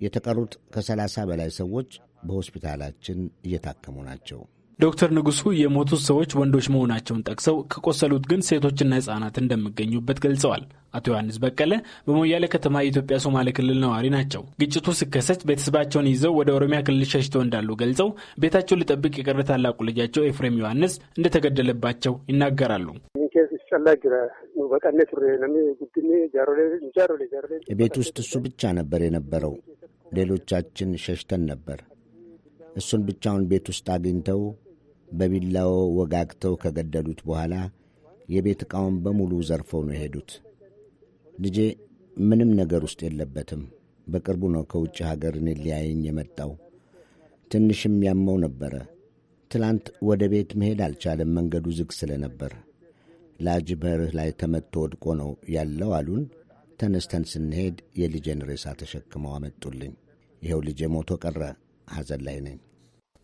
የተቀሩት ከሰላሳ በላይ ሰዎች በሆስፒታላችን እየታከሙ ናቸው። ዶክተር ንጉሱ የሞቱት ሰዎች ወንዶች መሆናቸውን ጠቅሰው ከቆሰሉት ግን ሴቶችና ህጻናት እንደሚገኙበት ገልጸዋል። አቶ ዮሐንስ በቀለ በሞያሌ ከተማ የኢትዮጵያ ሶማሌ ክልል ነዋሪ ናቸው። ግጭቱ ሲከሰት ቤተሰባቸውን ይዘው ወደ ኦሮሚያ ክልል ሸሽተው እንዳሉ ገልጸው ቤታቸውን ሊጠብቅ የቀረ ታላቁ ልጃቸው ኤፍሬም ዮሐንስ እንደተገደለባቸው ይናገራሉ። ቤት ውስጥ እሱ ብቻ ነበር የነበረው። ሌሎቻችን ሸሽተን ነበር። እሱን ብቻውን ቤት ውስጥ አግኝተው በቢላው ወጋግተው ከገደሉት በኋላ የቤት ዕቃውን በሙሉ ዘርፈው ነው የሄዱት። ልጄ ምንም ነገር ውስጥ የለበትም። በቅርቡ ነው ከውጭ ሀገር እኔ ሊያየኝ የመጣው። ትንሽም ያመው ነበረ። ትላንት ወደ ቤት መሄድ አልቻለም፣ መንገዱ ዝግ ስለነበር። ላጅ በርህ ላይ ተመትቶ ወድቆ ነው ያለው አሉን። ተነስተን ስንሄድ የልጄን ሬሳ ተሸክመው አመጡልኝ። ይኸው ልጄ ሞቶ ቀረ። ሐዘን ላይ ነኝ።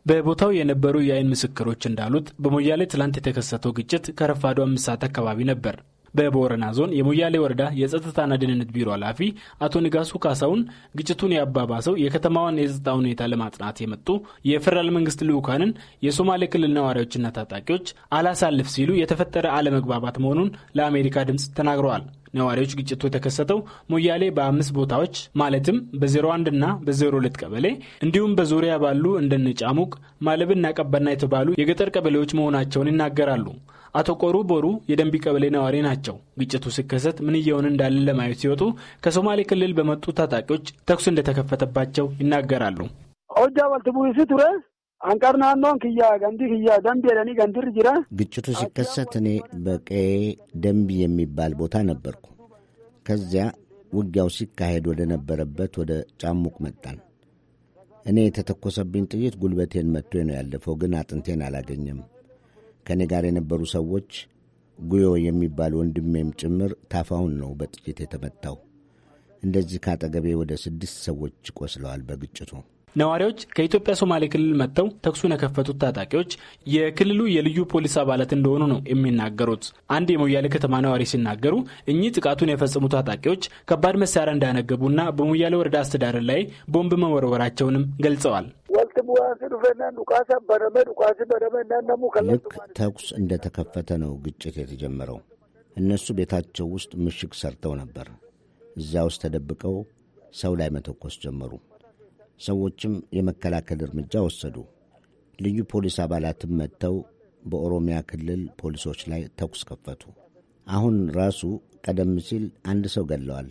በቦታው የነበሩ የአይን ምስክሮች እንዳሉት በሞያሌ ትላንት የተከሰተው ግጭት ከረፋዶ አምስት ሰዓት አካባቢ ነበር። በቦረና ዞን የሞያሌ ወረዳ የጸጥታና ደህንነት ቢሮ ኃላፊ አቶ ንጋሱ ካሳውን ግጭቱን ያባባሰው የከተማዋን የጸጥታ ሁኔታ ለማጥናት የመጡ የፌዴራል መንግስት ልዑካንን የሶማሌ ክልል ነዋሪዎችና ታጣቂዎች አላሳልፍ ሲሉ የተፈጠረ አለመግባባት መሆኑን ለአሜሪካ ድምፅ ተናግረዋል። ነዋሪዎች ግጭቱ የተከሰተው ሞያሌ በአምስት ቦታዎች ማለትም በ01 እና በ02 ቀበሌ እንዲሁም በዙሪያ ባሉ እንደነ ጫሙቅ፣ ማለብና ቀበና የተባሉ የገጠር ቀበሌዎች መሆናቸውን ይናገራሉ። አቶ ቆሩ ቦሩ የደንቢ ቀበሌ ነዋሪ ናቸው። ግጭቱ ሲከሰት ምን እየሆነ እንዳለ ለማየት ሲወጡ ከሶማሌ ክልል በመጡ ታጣቂዎች ተኩስ እንደተከፈተባቸው ይናገራሉ። አንቀር ናኖን ክያ ገንዲ ክያ ደንብ የለኒ ገንድር ጅራ ግጭቱ ሲከሰት እኔ በቀዬ ደንቢ የሚባል ቦታ ነበርኩ። ከዚያ ውጊያው ሲካሄድ ወደ ነበረበት ወደ ጫሙቅ መጣን። እኔ የተተኮሰብኝ ጥይት ጉልበቴን መጥቶ ነው ያለፈው፣ ግን አጥንቴን አላገኘም። ከእኔ ጋር የነበሩ ሰዎች ጉዮ የሚባል ወንድሜም ጭምር ታፋውን ነው በጥይት የተመታው። እንደዚህ ከአጠገቤ ወደ ስድስት ሰዎች ቆስለዋል በግጭቱ ነዋሪዎች ከኢትዮጵያ ሶማሌ ክልል መጥተው ተኩሱን የከፈቱት ታጣቂዎች የክልሉ የልዩ ፖሊስ አባላት እንደሆኑ ነው የሚናገሩት። አንድ የሞያሌ ከተማ ነዋሪ ሲናገሩ እኚህ ጥቃቱን የፈጸሙ ታጣቂዎች ከባድ መሳሪያ እንዳነገቡና በሞያሌ ወረዳ አስተዳደር ላይ ቦምብ መወርወራቸውንም ገልጸዋል። ልክ ተኩስ እንደተከፈተ ነው ግጭት የተጀመረው። እነሱ ቤታቸው ውስጥ ምሽግ ሰርተው ነበር። እዚያ ውስጥ ተደብቀው ሰው ላይ መተኮስ ጀመሩ። ሰዎችም የመከላከል እርምጃ ወሰዱ። ልዩ ፖሊስ አባላትም መጥተው በኦሮሚያ ክልል ፖሊሶች ላይ ተኩስ ከፈቱ። አሁን ራሱ ቀደም ሲል አንድ ሰው ገለዋል።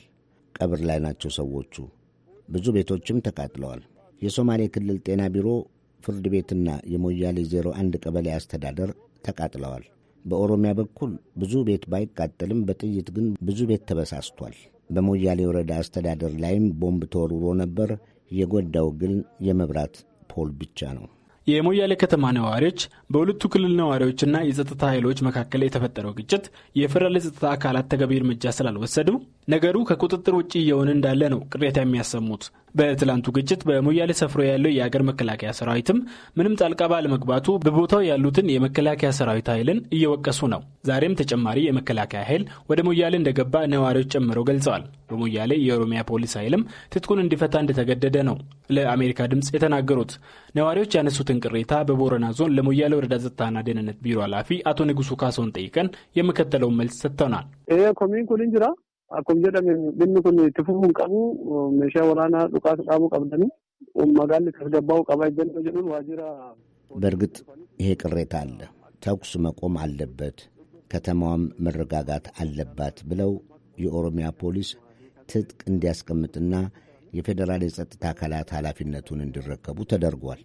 ቀብር ላይ ናቸው ሰዎቹ። ብዙ ቤቶችም ተቃጥለዋል። የሶማሌ ክልል ጤና ቢሮ፣ ፍርድ ቤትና የሞያሌ ዜሮ አንድ ቀበሌ አስተዳደር ተቃጥለዋል። በኦሮሚያ በኩል ብዙ ቤት ባይቃጠልም በጥይት ግን ብዙ ቤት ተበሳስቷል። በሞያሌ ወረዳ አስተዳደር ላይም ቦምብ ተወርውሮ ነበር። የጎዳው ግን የመብራት ፖል ብቻ ነው። የሞያሌ ከተማ ነዋሪዎች በሁለቱ ክልል ነዋሪዎችና የጸጥታ ኃይሎች መካከል የተፈጠረው ግጭት የፌዴራል የጸጥታ አካላት ተገቢ እርምጃ ስላልወሰዱ ነገሩ ከቁጥጥር ውጭ እየሆነ እንዳለ ነው ቅሬታ የሚያሰሙት። በትላንቱ ግጭት በሞያሌ ሰፍሮ ያለው የአገር መከላከያ ሰራዊትም ምንም ጣልቃ ባለመግባቱ በቦታው ያሉትን የመከላከያ ሰራዊት ኃይልን እየወቀሱ ነው። ዛሬም ተጨማሪ የመከላከያ ኃይል ወደ ሞያሌ እንደገባ ነዋሪዎች ጨምረው ገልጸዋል። በሞያሌ የኦሮሚያ ፖሊስ ኃይልም ትጥቁን እንዲፈታ እንደተገደደ ነው ለአሜሪካ ድምፅ የተናገሩት። ነዋሪዎች ያነሱትን ቅሬታ በቦረና ዞን ለሞያሌ ወረዳ ጸጥታና ደህንነት ቢሮ ኃላፊ አቶ ንጉሱ ካሶን ጠይቀን የሚከተለውን መልስ ሰጥተውናል። ኮሚን ኩን akkuma jedhame dhimmi kun fufuun qabu meeshaa waraanaa dhukaas dhaabuu qabdanii magaalli kasgabbaa'u qaba ejjennoo jedhuun waajjira በእርግጥ ይሄ ቅሬታ አለ። ተኩስ መቆም አለበት፣ ከተማዋም መረጋጋት አለባት ብለው የኦሮሚያ ፖሊስ ትጥቅ እንዲያስቀምጥና የፌዴራል የጸጥታ አካላት ኃላፊነቱን እንዲረከቡ ተደርጓል።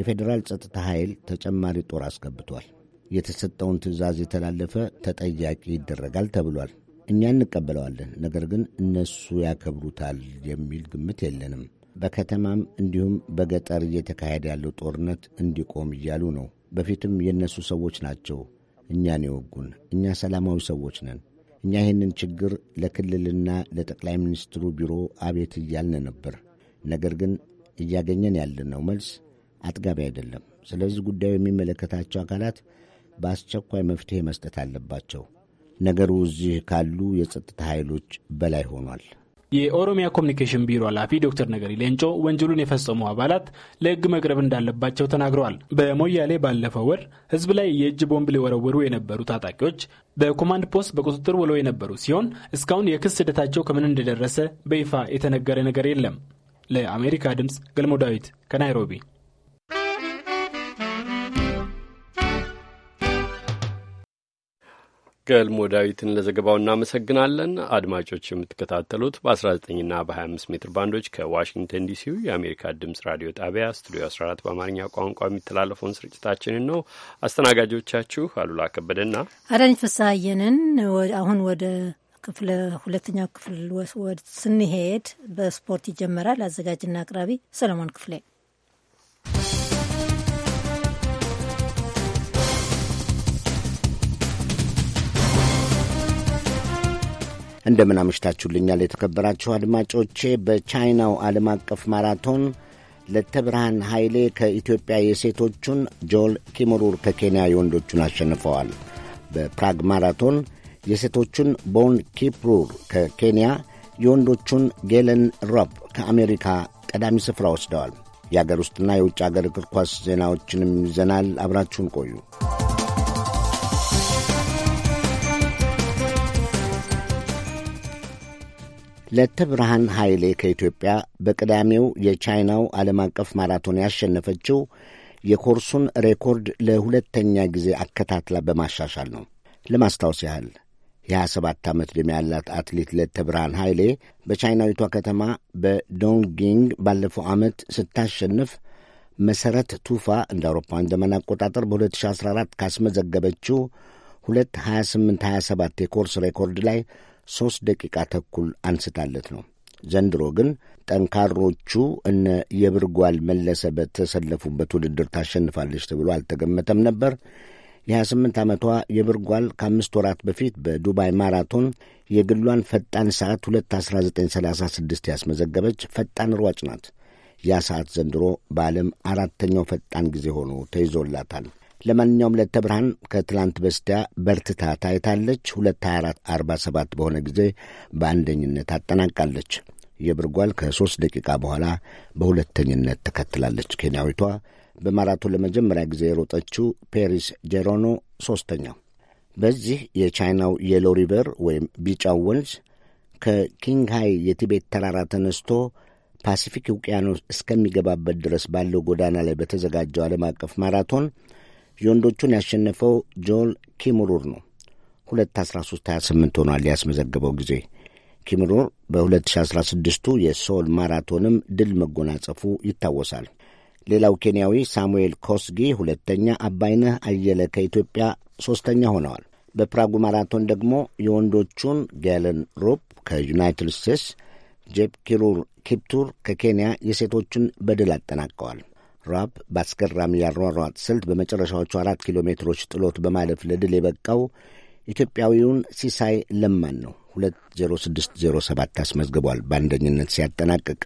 የፌዴራል ጸጥታ ኃይል ተጨማሪ ጦር አስገብቷል። የተሰጠውን ትዕዛዝ የተላለፈ ተጠያቂ ይደረጋል ተብሏል። እኛ እንቀበለዋለን፣ ነገር ግን እነሱ ያከብሩታል የሚል ግምት የለንም። በከተማም እንዲሁም በገጠር እየተካሄደ ያለው ጦርነት እንዲቆም እያሉ ነው። በፊትም የእነሱ ሰዎች ናቸው እኛን የወጉን። እኛ ሰላማዊ ሰዎች ነን። እኛ ይህንን ችግር ለክልልና ለጠቅላይ ሚኒስትሩ ቢሮ አቤት እያልን ነበር። ነገር ግን እያገኘን ያለነው መልስ አጥጋቢ አይደለም። ስለዚህ ጉዳዩ የሚመለከታቸው አካላት በአስቸኳይ መፍትሄ መስጠት አለባቸው። ነገሩ እዚህ ካሉ የጸጥታ ኃይሎች በላይ ሆኗል። የኦሮሚያ ኮሚኒኬሽን ቢሮ ኃላፊ ዶክተር ነገሪ ሌንጮ ወንጀሉን የፈጸሙ አባላት ለሕግ መቅረብ እንዳለባቸው ተናግረዋል። በሞያሌ ባለፈው ወር ሕዝብ ላይ የእጅ ቦምብ ሊወረውሩ የነበሩ ታጣቂዎች በኮማንድ ፖስት በቁጥጥር ውለው የነበሩ ሲሆን እስካሁን የክስ ሂደታቸው ከምን እንደደረሰ በይፋ የተነገረ ነገር የለም። ለአሜሪካ ድምፅ ገልሞ ዳዊት ከናይሮቢ ገልሞ ዳዊትን ለዘገባው እናመሰግናለን። አድማጮች የምትከታተሉት በ19ና በ25 ሜትር ባንዶች ከዋሽንግተን ዲሲው የአሜሪካ ድምፅ ራዲዮ ጣቢያ ስቱዲዮ 14 በአማርኛ ቋንቋ የሚተላለፈውን ስርጭታችንን ነው። አስተናጋጆቻችሁ አሉላ ከበደና አዳነች ፍስሐየንን። አሁን ወደ ክፍለ ሁለተኛው ክፍል ስንሄድ በስፖርት ይጀመራል። አዘጋጅና አቅራቢ ሰለሞን ክፍሌ እንደምን አምሽታችሁልኛል የተከበራችሁ አድማጮቼ። በቻይናው ዓለም አቀፍ ማራቶን ለተብርሃን ኃይሌ ከኢትዮጵያ የሴቶቹን፣ ጆል ኪምሩር ከኬንያ የወንዶቹን አሸንፈዋል። በፕራግ ማራቶን የሴቶቹን ቦን ኪፕሩር ከኬንያ የወንዶቹን ጌለን ሮፕ ከአሜሪካ ቀዳሚ ስፍራ ወስደዋል። የአገር ውስጥና የውጭ አገር እግር ኳስ ዜናዎችንም ይዘናል። አብራችሁን ቆዩ። ለተ ብርሃን ኃይሌ ከኢትዮጵያ በቅዳሜው የቻይናው ዓለም አቀፍ ማራቶን ያሸነፈችው የኮርሱን ሬኮርድ ለሁለተኛ ጊዜ አከታትላ በማሻሻል ነው። ለማስታወስ ያህል የ27 ዓመት ዕድሜ ያላት አትሌት ብርሃን ኃይሌ በቻይናዊቷ ከተማ በዶንጊንግ ባለፈው ዓመት ስታሸንፍ መሠረት ቱፋ እንደ አውሮፓውያን ዘመን አቆጣጠር በ2014 ካስመዘገበችው 22827 የኮርስ ሬኮርድ ላይ ሦስት ደቂቃ ተኩል አንስታለት ነው። ዘንድሮ ግን ጠንካሮቹ እነ የብርጓል መለሰ በተሰለፉበት ውድድር ታሸንፋለች ተብሎ አልተገመተም ነበር። የ28 ዓመቷ የብርጓል ከአምስት ወራት በፊት በዱባይ ማራቶን የግሏን ፈጣን ሰዓት 2፡19፡36 ያስመዘገበች ፈጣን ሯጭ ናት። ያ ሰዓት ዘንድሮ በዓለም አራተኛው ፈጣን ጊዜ ሆኖ ተይዞላታል። ለማንኛውም ለተ ብርሃን ከትላንት በስቲያ በርትታ ታይታለች። 22447 በሆነ ጊዜ በአንደኝነት አጠናቃለች። የብርጓል ከሦስት ደቂቃ በኋላ በሁለተኝነት ተከትላለች። ኬንያዊቷ በማራቶን ለመጀመሪያ ጊዜ የሮጠችው ፔሪስ ጄሮኖ ሦስተኛው። በዚህ የቻይናው የሎ ሪቨር ወይም ቢጫው ወንዝ ከኪንግሃይ የቲቤት ተራራ ተነስቶ ፓሲፊክ ውቅያኖስ እስከሚገባበት ድረስ ባለው ጎዳና ላይ በተዘጋጀው ዓለም አቀፍ ማራቶን የወንዶቹን ያሸነፈው ጆል ኪምሩር ነው። 21328 ሆኗል ያስመዘገበው ጊዜ። ኪምሩር በ2016ቱ የሶል ማራቶንም ድል መጎናጸፉ ይታወሳል። ሌላው ኬንያዊ ሳሙኤል ኮስጊ ሁለተኛ፣ አባይነህ አየለ ከኢትዮጵያ ሦስተኛ ሆነዋል። በፕራጉ ማራቶን ደግሞ የወንዶቹን ጋለን ሮፕ ከዩናይትድ ስቴትስ፣ ጄፕ ኪሩር ኪፕቱር ከኬንያ የሴቶቹን በድል አጠናቀዋል። ራፕ በአስገራሚ ያሯሯጥ ስልት በመጨረሻዎቹ አራት ኪሎ ሜትሮች ጥሎት በማለፍ ለድል የበቃው ኢትዮጵያዊውን ሲሳይ ለማን ነው። 20607 አስመዝግቧል በአንደኝነት ሲያጠናቅቅ።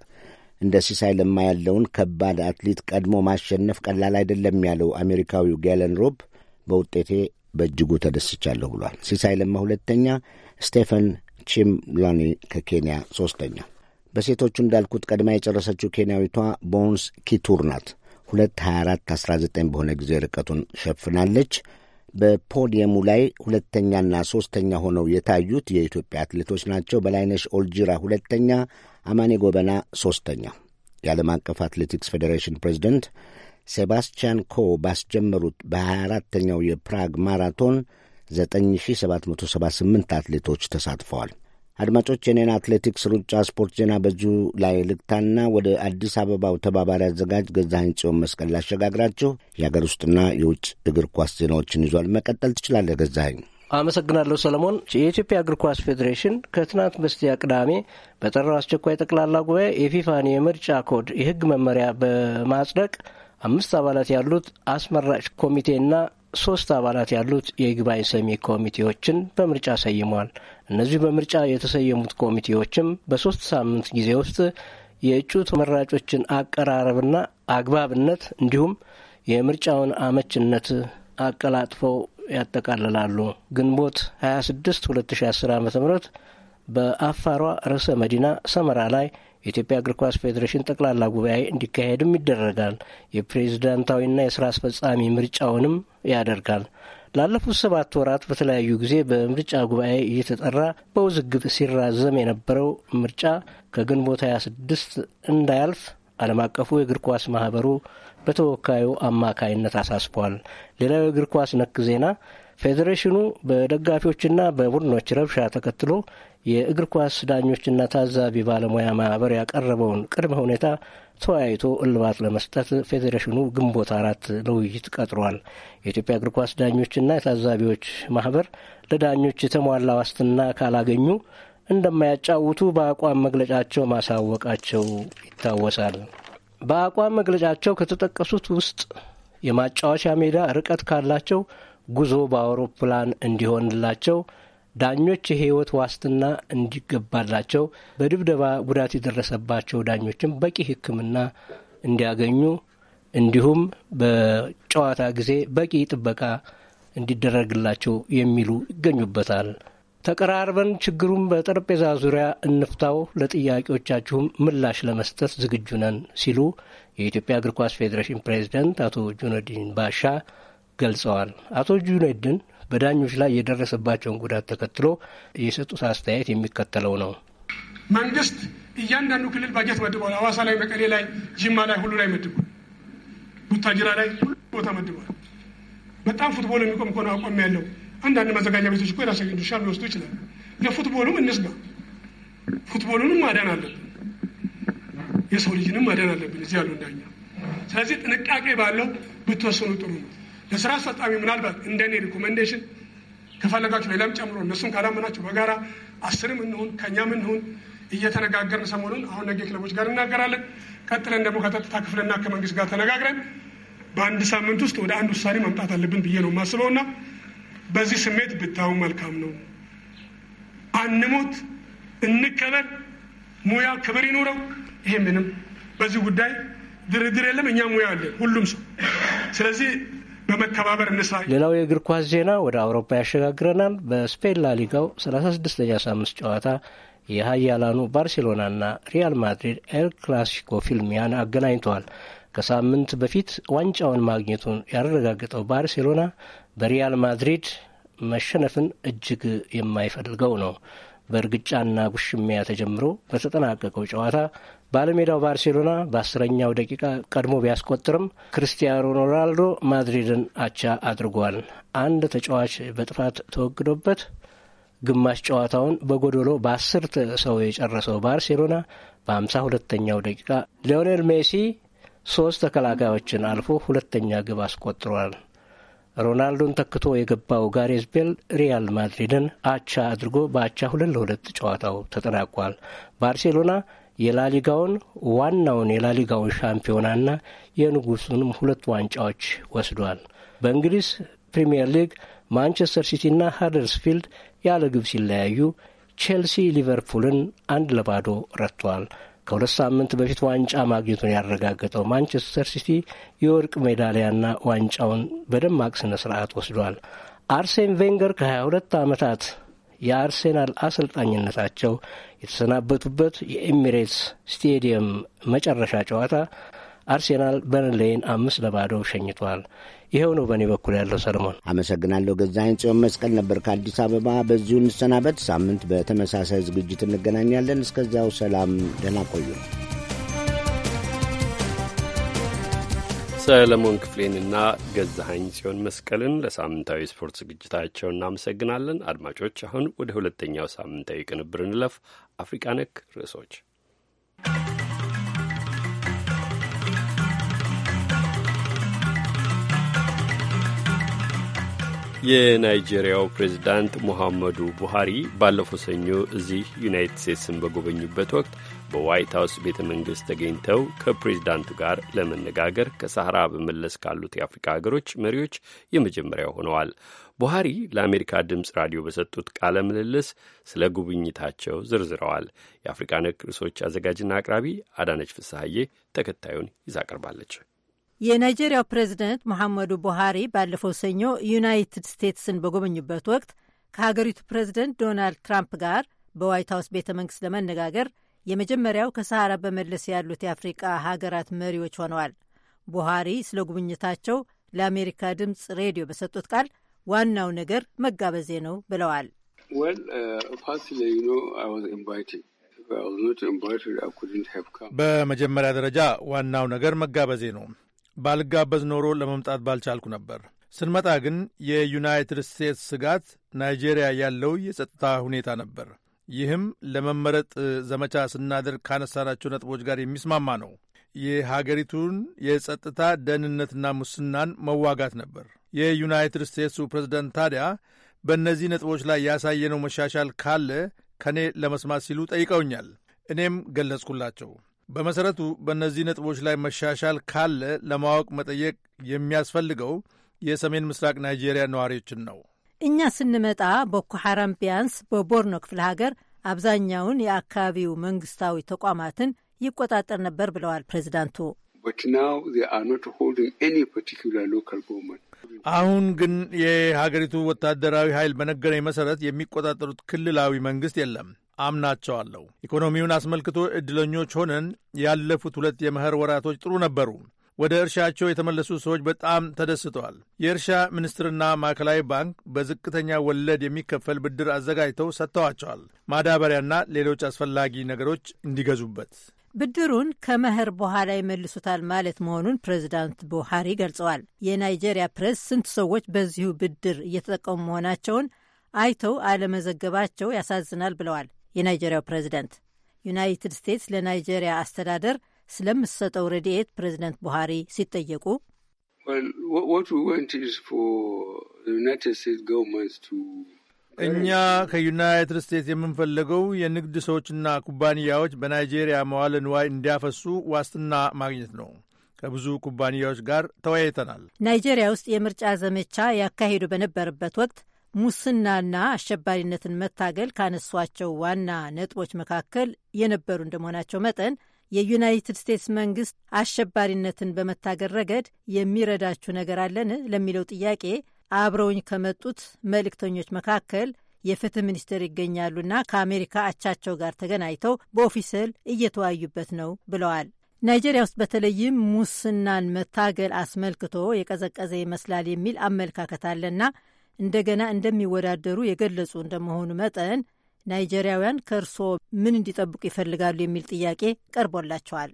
እንደ ሲሳይ ለማ ያለውን ከባድ አትሌት ቀድሞ ማሸነፍ ቀላል አይደለም ያለው አሜሪካዊው ጋለን ሮብ በውጤቴ በእጅጉ ተደስቻለሁ ብሏል። ሲሳይ ለማ ሁለተኛ፣ ስቴፈን ቺምላኒ ከኬንያ ሦስተኛ። በሴቶቹ እንዳልኩት ቀድማ የጨረሰችው ኬንያዊቷ ቦንስ ኪቱር ናት። ሁለት በሆነ ጊዜ ርቀቱን ሸፍናለች። በፖዲየሙ ላይ ሁለተኛና ሦስተኛ ሆነው የታዩት የኢትዮጵያ አትሌቶች ናቸው። በላይነሽ ኦልጂራ ሁለተኛ፣ አማኔ ጎበና ሦስተኛ። የዓለም አቀፍ አትሌቲክስ ፌዴሬሽን ፕሬዚደንት ሴባስቲያን ኮ ባስጀመሩት በ24ተኛው የፕራግ ማራቶን 9778 አትሌቶች ተሳትፈዋል። አድማጮች፣ የኔን አትሌቲክስ ሩጫ ስፖርት ዜና በዙ ላይ ልግታና ወደ አዲስ አበባው ተባባሪ አዘጋጅ ገዛኸኝ ጽዮን መስቀል ላሸጋግራችሁ። የአገር ውስጥና የውጭ እግር ኳስ ዜናዎችን ይዟል። መቀጠል ትችላለህ ገዛኸኝ። አመሰግናለሁ ሰለሞን። የኢትዮጵያ እግር ኳስ ፌዴሬሽን ከትናንት በስቲያ ቅዳሜ በጠራው አስቸኳይ ጠቅላላ ጉባኤ የፊፋን የምርጫ ኮድ የህግ መመሪያ በማጽደቅ አምስት አባላት ያሉት አስመራጭ ኮሚቴና ሶስት አባላት ያሉት የይግባኝ ሰሚ ኮሚቴዎችን በምርጫ ሰይመዋል። እነዚህ በምርጫ የተሰየሙት ኮሚቴዎችም በሶስት ሳምንት ጊዜ ውስጥ የእጩ ተመራጮችን አቀራረብና አግባብነት እንዲሁም የምርጫውን አመችነት አቀላጥፈው ያጠቃልላሉ። ግንቦት 26 2010 ዓ ም በአፋሯ ርዕሰ መዲና ሰመራ ላይ የኢትዮጵያ እግር ኳስ ፌዴሬሽን ጠቅላላ ጉባኤ እንዲካሄድም ይደረጋል። የፕሬዝዳንታዊና የስራ አስፈጻሚ ምርጫውንም ያደርጋል። ላለፉት ሰባት ወራት በተለያዩ ጊዜ በምርጫ ጉባኤ እየተጠራ በውዝግብ ሲራዘም የነበረው ምርጫ ከግንቦት 26 እንዳያልፍ ዓለም አቀፉ የእግር ኳስ ማህበሩ በተወካዩ አማካይነት አሳስቧል። ሌላው የእግር ኳስ ነክ ዜና ፌዴሬሽኑ በደጋፊዎችና በቡድኖች ረብሻ ተከትሎ የእግር ኳስ ዳኞችና ታዛቢ ባለሙያ ማህበር ያቀረበውን ቅድመ ሁኔታ ተወያይቶ እልባት ለመስጠት ፌዴሬሽኑ ግንቦት አራት ለውይይት ቀጥሯል። የኢትዮጵያ እግር ኳስ ዳኞችና የታዛቢዎች ማህበር ለዳኞች የተሟላ ዋስትና ካላገኙ እንደማያጫውቱ በአቋም መግለጫቸው ማሳወቃቸው ይታወሳል። በአቋም መግለጫቸው ከተጠቀሱት ውስጥ የማጫወቻ ሜዳ ርቀት ካላቸው ጉዞ በአውሮፕላን እንዲሆንላቸው ዳኞች የህይወት ዋስትና እንዲገባላቸው በድብደባ ጉዳት የደረሰባቸው ዳኞችም በቂ ሕክምና እንዲያገኙ እንዲሁም በጨዋታ ጊዜ በቂ ጥበቃ እንዲደረግላቸው የሚሉ ይገኙበታል። ተቀራርበን ችግሩን በጠረጴዛ ዙሪያ እንፍታው፣ ለጥያቄዎቻችሁም ምላሽ ለመስጠት ዝግጁ ነን ሲሉ የኢትዮጵያ እግር ኳስ ፌዴሬሽን ፕሬዚደንት አቶ ጁነዲን ባሻ ገልጸዋል። አቶ ጁነዲን በዳኞች ላይ የደረሰባቸውን ጉዳት ተከትሎ የሰጡት አስተያየት የሚከተለው ነው። መንግስት እያንዳንዱ ክልል ባጀት መድቧል። አዋሳ ላይ፣ መቀሌ ላይ፣ ጅማ ላይ፣ ሁሉ ላይ መድቧል። ቡታጅራ ላይ ሁሉ ቦታ መድበዋል። በጣም ፉትቦል የሚቆም ከሆነ አቋም ያለው አንዳንድ መዘጋጃ ቤቶች እኮ የራሳቸውን ድርሻ ሊወስዱ ይችላሉ። ለፉትቦሉም እንስጋ። ፉትቦሉንም ማዳን አለብን። የሰው ልጅንም ማዳን አለብን። እዚህ ያሉ እንዳኛ። ስለዚህ ጥንቃቄ ባለው ብትወሰኑ ጥሩ ነው። ለስራ አስፈጻሚ ምናልባት እንደኔ ሪኮመንዴሽን ከፈለጋችሁ ሌላም ጨምሮ እነሱም ካላመናቸው በጋራ አስርም እንሁን ከእኛም እንሁን እየተነጋገርን ሰሞኑን አሁን ነገ ክለቦች ጋር እናገራለን። ቀጥለን ደግሞ ከጸጥታ ክፍልና ከመንግስት ጋር ተነጋግረን በአንድ ሳምንት ውስጥ ወደ አንድ ውሳኔ መምጣት አለብን ብዬ ነው የማስበው እና በዚህ ስሜት ብታዩ መልካም ነው። አንሞት እንከበር፣ ሙያ ክብር ይኑረው። ይሄ ምንም በዚህ ጉዳይ ድርድር የለም። እኛ ሙያ አለ ሁሉም ሰው ስለዚህ በመከባበር እንስራ። ሌላው የእግር ኳስ ዜና ወደ አውሮፓ ያሸጋግረናል። በስፔን ላሊጋው ሰላሳ ስድስተኛ ሳምንት ጨዋታ የሀያላኑ ባርሴሎናና ሪያል ማድሪድ ኤል ክላሲኮ ፊልሚያን አገናኝተዋል። ከሳምንት በፊት ዋንጫውን ማግኘቱን ያረጋገጠው ባርሴሎና በሪያል ማድሪድ መሸነፍን እጅግ የማይፈልገው ነው። በእርግጫና ጉሽሚያ ተጀምሮ በተጠናቀቀው ጨዋታ ባለሜዳው ባርሴሎና በአስረኛው ደቂቃ ቀድሞ ቢያስቆጥርም ክርስቲያኖ ሮናልዶ ማድሪድን አቻ አድርጓል። አንድ ተጫዋች በጥፋት ተወግዶበት ግማሽ ጨዋታውን በጎዶሎ በአስርት ሰው የጨረሰው ባርሴሎና በአምሳ ሁለተኛው ደቂቃ ሊዮኔል ሜሲ ሶስት ተከላካዮችን አልፎ ሁለተኛ ግብ አስቆጥሯል። ሮናልዶን ተክቶ የገባው ጋሬዝ ቤል ሪያል ማድሪድን አቻ አድርጎ በአቻ ሁለት ለሁለት ጨዋታው ተጠናቋል። ባርሴሎና የላሊጋውን ዋናውን የላሊጋውን ሻምፒዮናና የንጉሱንም ሁለት ዋንጫዎች ወስዷል። በእንግሊዝ ፕሪምየር ሊግ ማንቸስተር ሲቲና ሃደርስፊልድ ያለ ግብ ሲለያዩ፣ ቼልሲ ሊቨርፑልን አንድ ለባዶ ረጥቷል። ከሁለት ሳምንት በፊት ዋንጫ ማግኘቱን ያረጋገጠው ማንቸስተር ሲቲ የወርቅ ሜዳሊያና ዋንጫውን በደማቅ ስነ ስርዓት ወስዷል። አርሴን ቬንገር ከ22 ዓመታት የአርሴናል አሰልጣኝነታቸው የተሰናበቱበት የኤሚሬትስ ስቴዲየም መጨረሻ ጨዋታ አርሴናል በርንሌይን አምስት ለባዶ ሸኝቷል። ይኸው ነው በእኔ በኩል ያለው። ሰለሞን አመሰግናለሁ። ገዛኸኝ ጽዮን መስቀል ነበር ከአዲስ አበባ። በዚሁ እንሰናበት። ሳምንት በተመሳሳይ ዝግጅት እንገናኛለን። እስከዚያው ሰላም፣ ደህና ቆዩ። ሰለሞን ክፍሌንና ገዛሀኝ ሲሆን መስቀልን ለሳምንታዊ ስፖርት ዝግጅታቸው እናመሰግናለን። አድማጮች፣ አሁን ወደ ሁለተኛው ሳምንታዊ ቅንብር እንለፍ። አፍሪቃ ነክ ርዕሶች የናይጄሪያው ፕሬዚዳንት ሙሐመዱ ቡሃሪ ባለፈው ሰኞ እዚህ ዩናይትድ ስቴትስን በጎበኙበት ወቅት በዋይት ሀውስ ቤተ መንግሥት ተገኝተው ከፕሬዚዳንቱ ጋር ለመነጋገር ከሳህራ በመለስ ካሉት የአፍሪካ ሀገሮች መሪዎች የመጀመሪያው ሆነዋል። ቡሃሪ ለአሜሪካ ድምፅ ራዲዮ በሰጡት ቃለ ምልልስ ስለ ጉብኝታቸው ዝርዝረዋል። የአፍሪካ ነክ ርዕሶች አዘጋጅና አቅራቢ አዳነች ፍስሐዬ ተከታዩን ይዛ ቀርባለች። የናይጄሪያው ፕሬዚደንት መሐመዱ ቡሃሪ ባለፈው ሰኞ ዩናይትድ ስቴትስን በጎበኙበት ወቅት ከሀገሪቱ ፕሬዚደንት ዶናልድ ትራምፕ ጋር በዋይት ሀውስ ቤተ መንግሥት ለመነጋገር የመጀመሪያው ከሰሃራ በመለስ ያሉት የአፍሪቃ ሀገራት መሪዎች ሆነዋል። ቡሃሪ ስለ ጉብኝታቸው ለአሜሪካ ድምፅ ሬዲዮ በሰጡት ቃል ዋናው ነገር መጋበዜ ነው ብለዋል። uh, በመጀመሪያ ደረጃ ዋናው ነገር መጋበዜ ነው። ባልጋበዝ ኖሮ ለመምጣት ባልቻልኩ ነበር። ስንመጣ ግን የዩናይትድ ስቴትስ ስጋት ናይጄሪያ ያለው የጸጥታ ሁኔታ ነበር። ይህም ለመመረጥ ዘመቻ ስናደርግ ካነሳናቸው ነጥቦች ጋር የሚስማማ ነው። የሀገሪቱን የጸጥታ ደህንነትና ሙስናን መዋጋት ነበር። የዩናይትድ ስቴትሱ ፕሬዝዳንት ታዲያ በእነዚህ ነጥቦች ላይ ያሳየነው መሻሻል ካለ ከእኔ ለመስማት ሲሉ ጠይቀውኛል። እኔም ገለጽኩላቸው። በመሰረቱ በእነዚህ ነጥቦች ላይ መሻሻል ካለ ለማወቅ መጠየቅ የሚያስፈልገው የሰሜን ምስራቅ ናይጄሪያ ነዋሪዎችን ነው። እኛ ስንመጣ ቦኮ ሐራም ቢያንስ በቦርኖ ክፍለ ሀገር አብዛኛውን የአካባቢው መንግስታዊ ተቋማትን ይቆጣጠር ነበር ብለዋል ፕሬዚዳንቱ። አሁን ግን የሀገሪቱ ወታደራዊ ኃይል በነገረኝ መሰረት የሚቆጣጠሩት ክልላዊ መንግስት የለም። አምናቸዋለሁ። ኢኮኖሚውን አስመልክቶ ዕድለኞች ሆነን ያለፉት ሁለት የመኸር ወራቶች ጥሩ ነበሩ። ወደ እርሻቸው የተመለሱ ሰዎች በጣም ተደስተዋል። የእርሻ ሚኒስቴርና ማዕከላዊ ባንክ በዝቅተኛ ወለድ የሚከፈል ብድር አዘጋጅተው ሰጥተዋቸዋል። ማዳበሪያና ሌሎች አስፈላጊ ነገሮች እንዲገዙበት ብድሩን ከመኸር በኋላ ይመልሱታል ማለት መሆኑን ፕሬዚዳንት ቡሃሪ ገልጸዋል። የናይጄሪያ ፕሬስ ስንት ሰዎች በዚሁ ብድር እየተጠቀሙ መሆናቸውን አይተው አለመዘገባቸው ያሳዝናል ብለዋል የናይጄሪያው ፕሬዚደንት። ዩናይትድ ስቴትስ ለናይጄሪያ አስተዳደር ስለምሰጠው ረድኤት ፕሬዚደንት ቡሃሪ ሲጠየቁ እኛ ከዩናይትድ ስቴትስ የምንፈለገው የንግድ ሰዎችና ኩባንያዎች በናይጄሪያ መዋለ ንዋይ እንዲያፈሱ ዋስትና ማግኘት ነው። ከብዙ ኩባንያዎች ጋር ተወያይተናል። ናይጄሪያ ውስጥ የምርጫ ዘመቻ ያካሄዱ በነበረበት ወቅት ሙስናና አሸባሪነትን መታገል ካነሷቸው ዋና ነጥቦች መካከል የነበሩ እንደመሆናቸው መጠን የዩናይትድ ስቴትስ መንግስት አሸባሪነትን በመታገል ረገድ የሚረዳችሁ ነገር አለን ለሚለው ጥያቄ አብረውኝ ከመጡት መልእክተኞች መካከል የፍትህ ሚኒስቴር ይገኛሉና ከአሜሪካ አቻቸው ጋር ተገናኝተው በኦፊሴል እየተወያዩበት ነው ብለዋል። ናይጄሪያ ውስጥ በተለይም ሙስናን መታገል አስመልክቶ የቀዘቀዘ ይመስላል የሚል አመለካከት አለና እንደገና እንደሚወዳደሩ የገለጹ እንደመሆኑ መጠን ናይጄሪያውያን ከእርስዎ ምን እንዲጠብቁ ይፈልጋሉ የሚል ጥያቄ ቀርቦላቸዋል።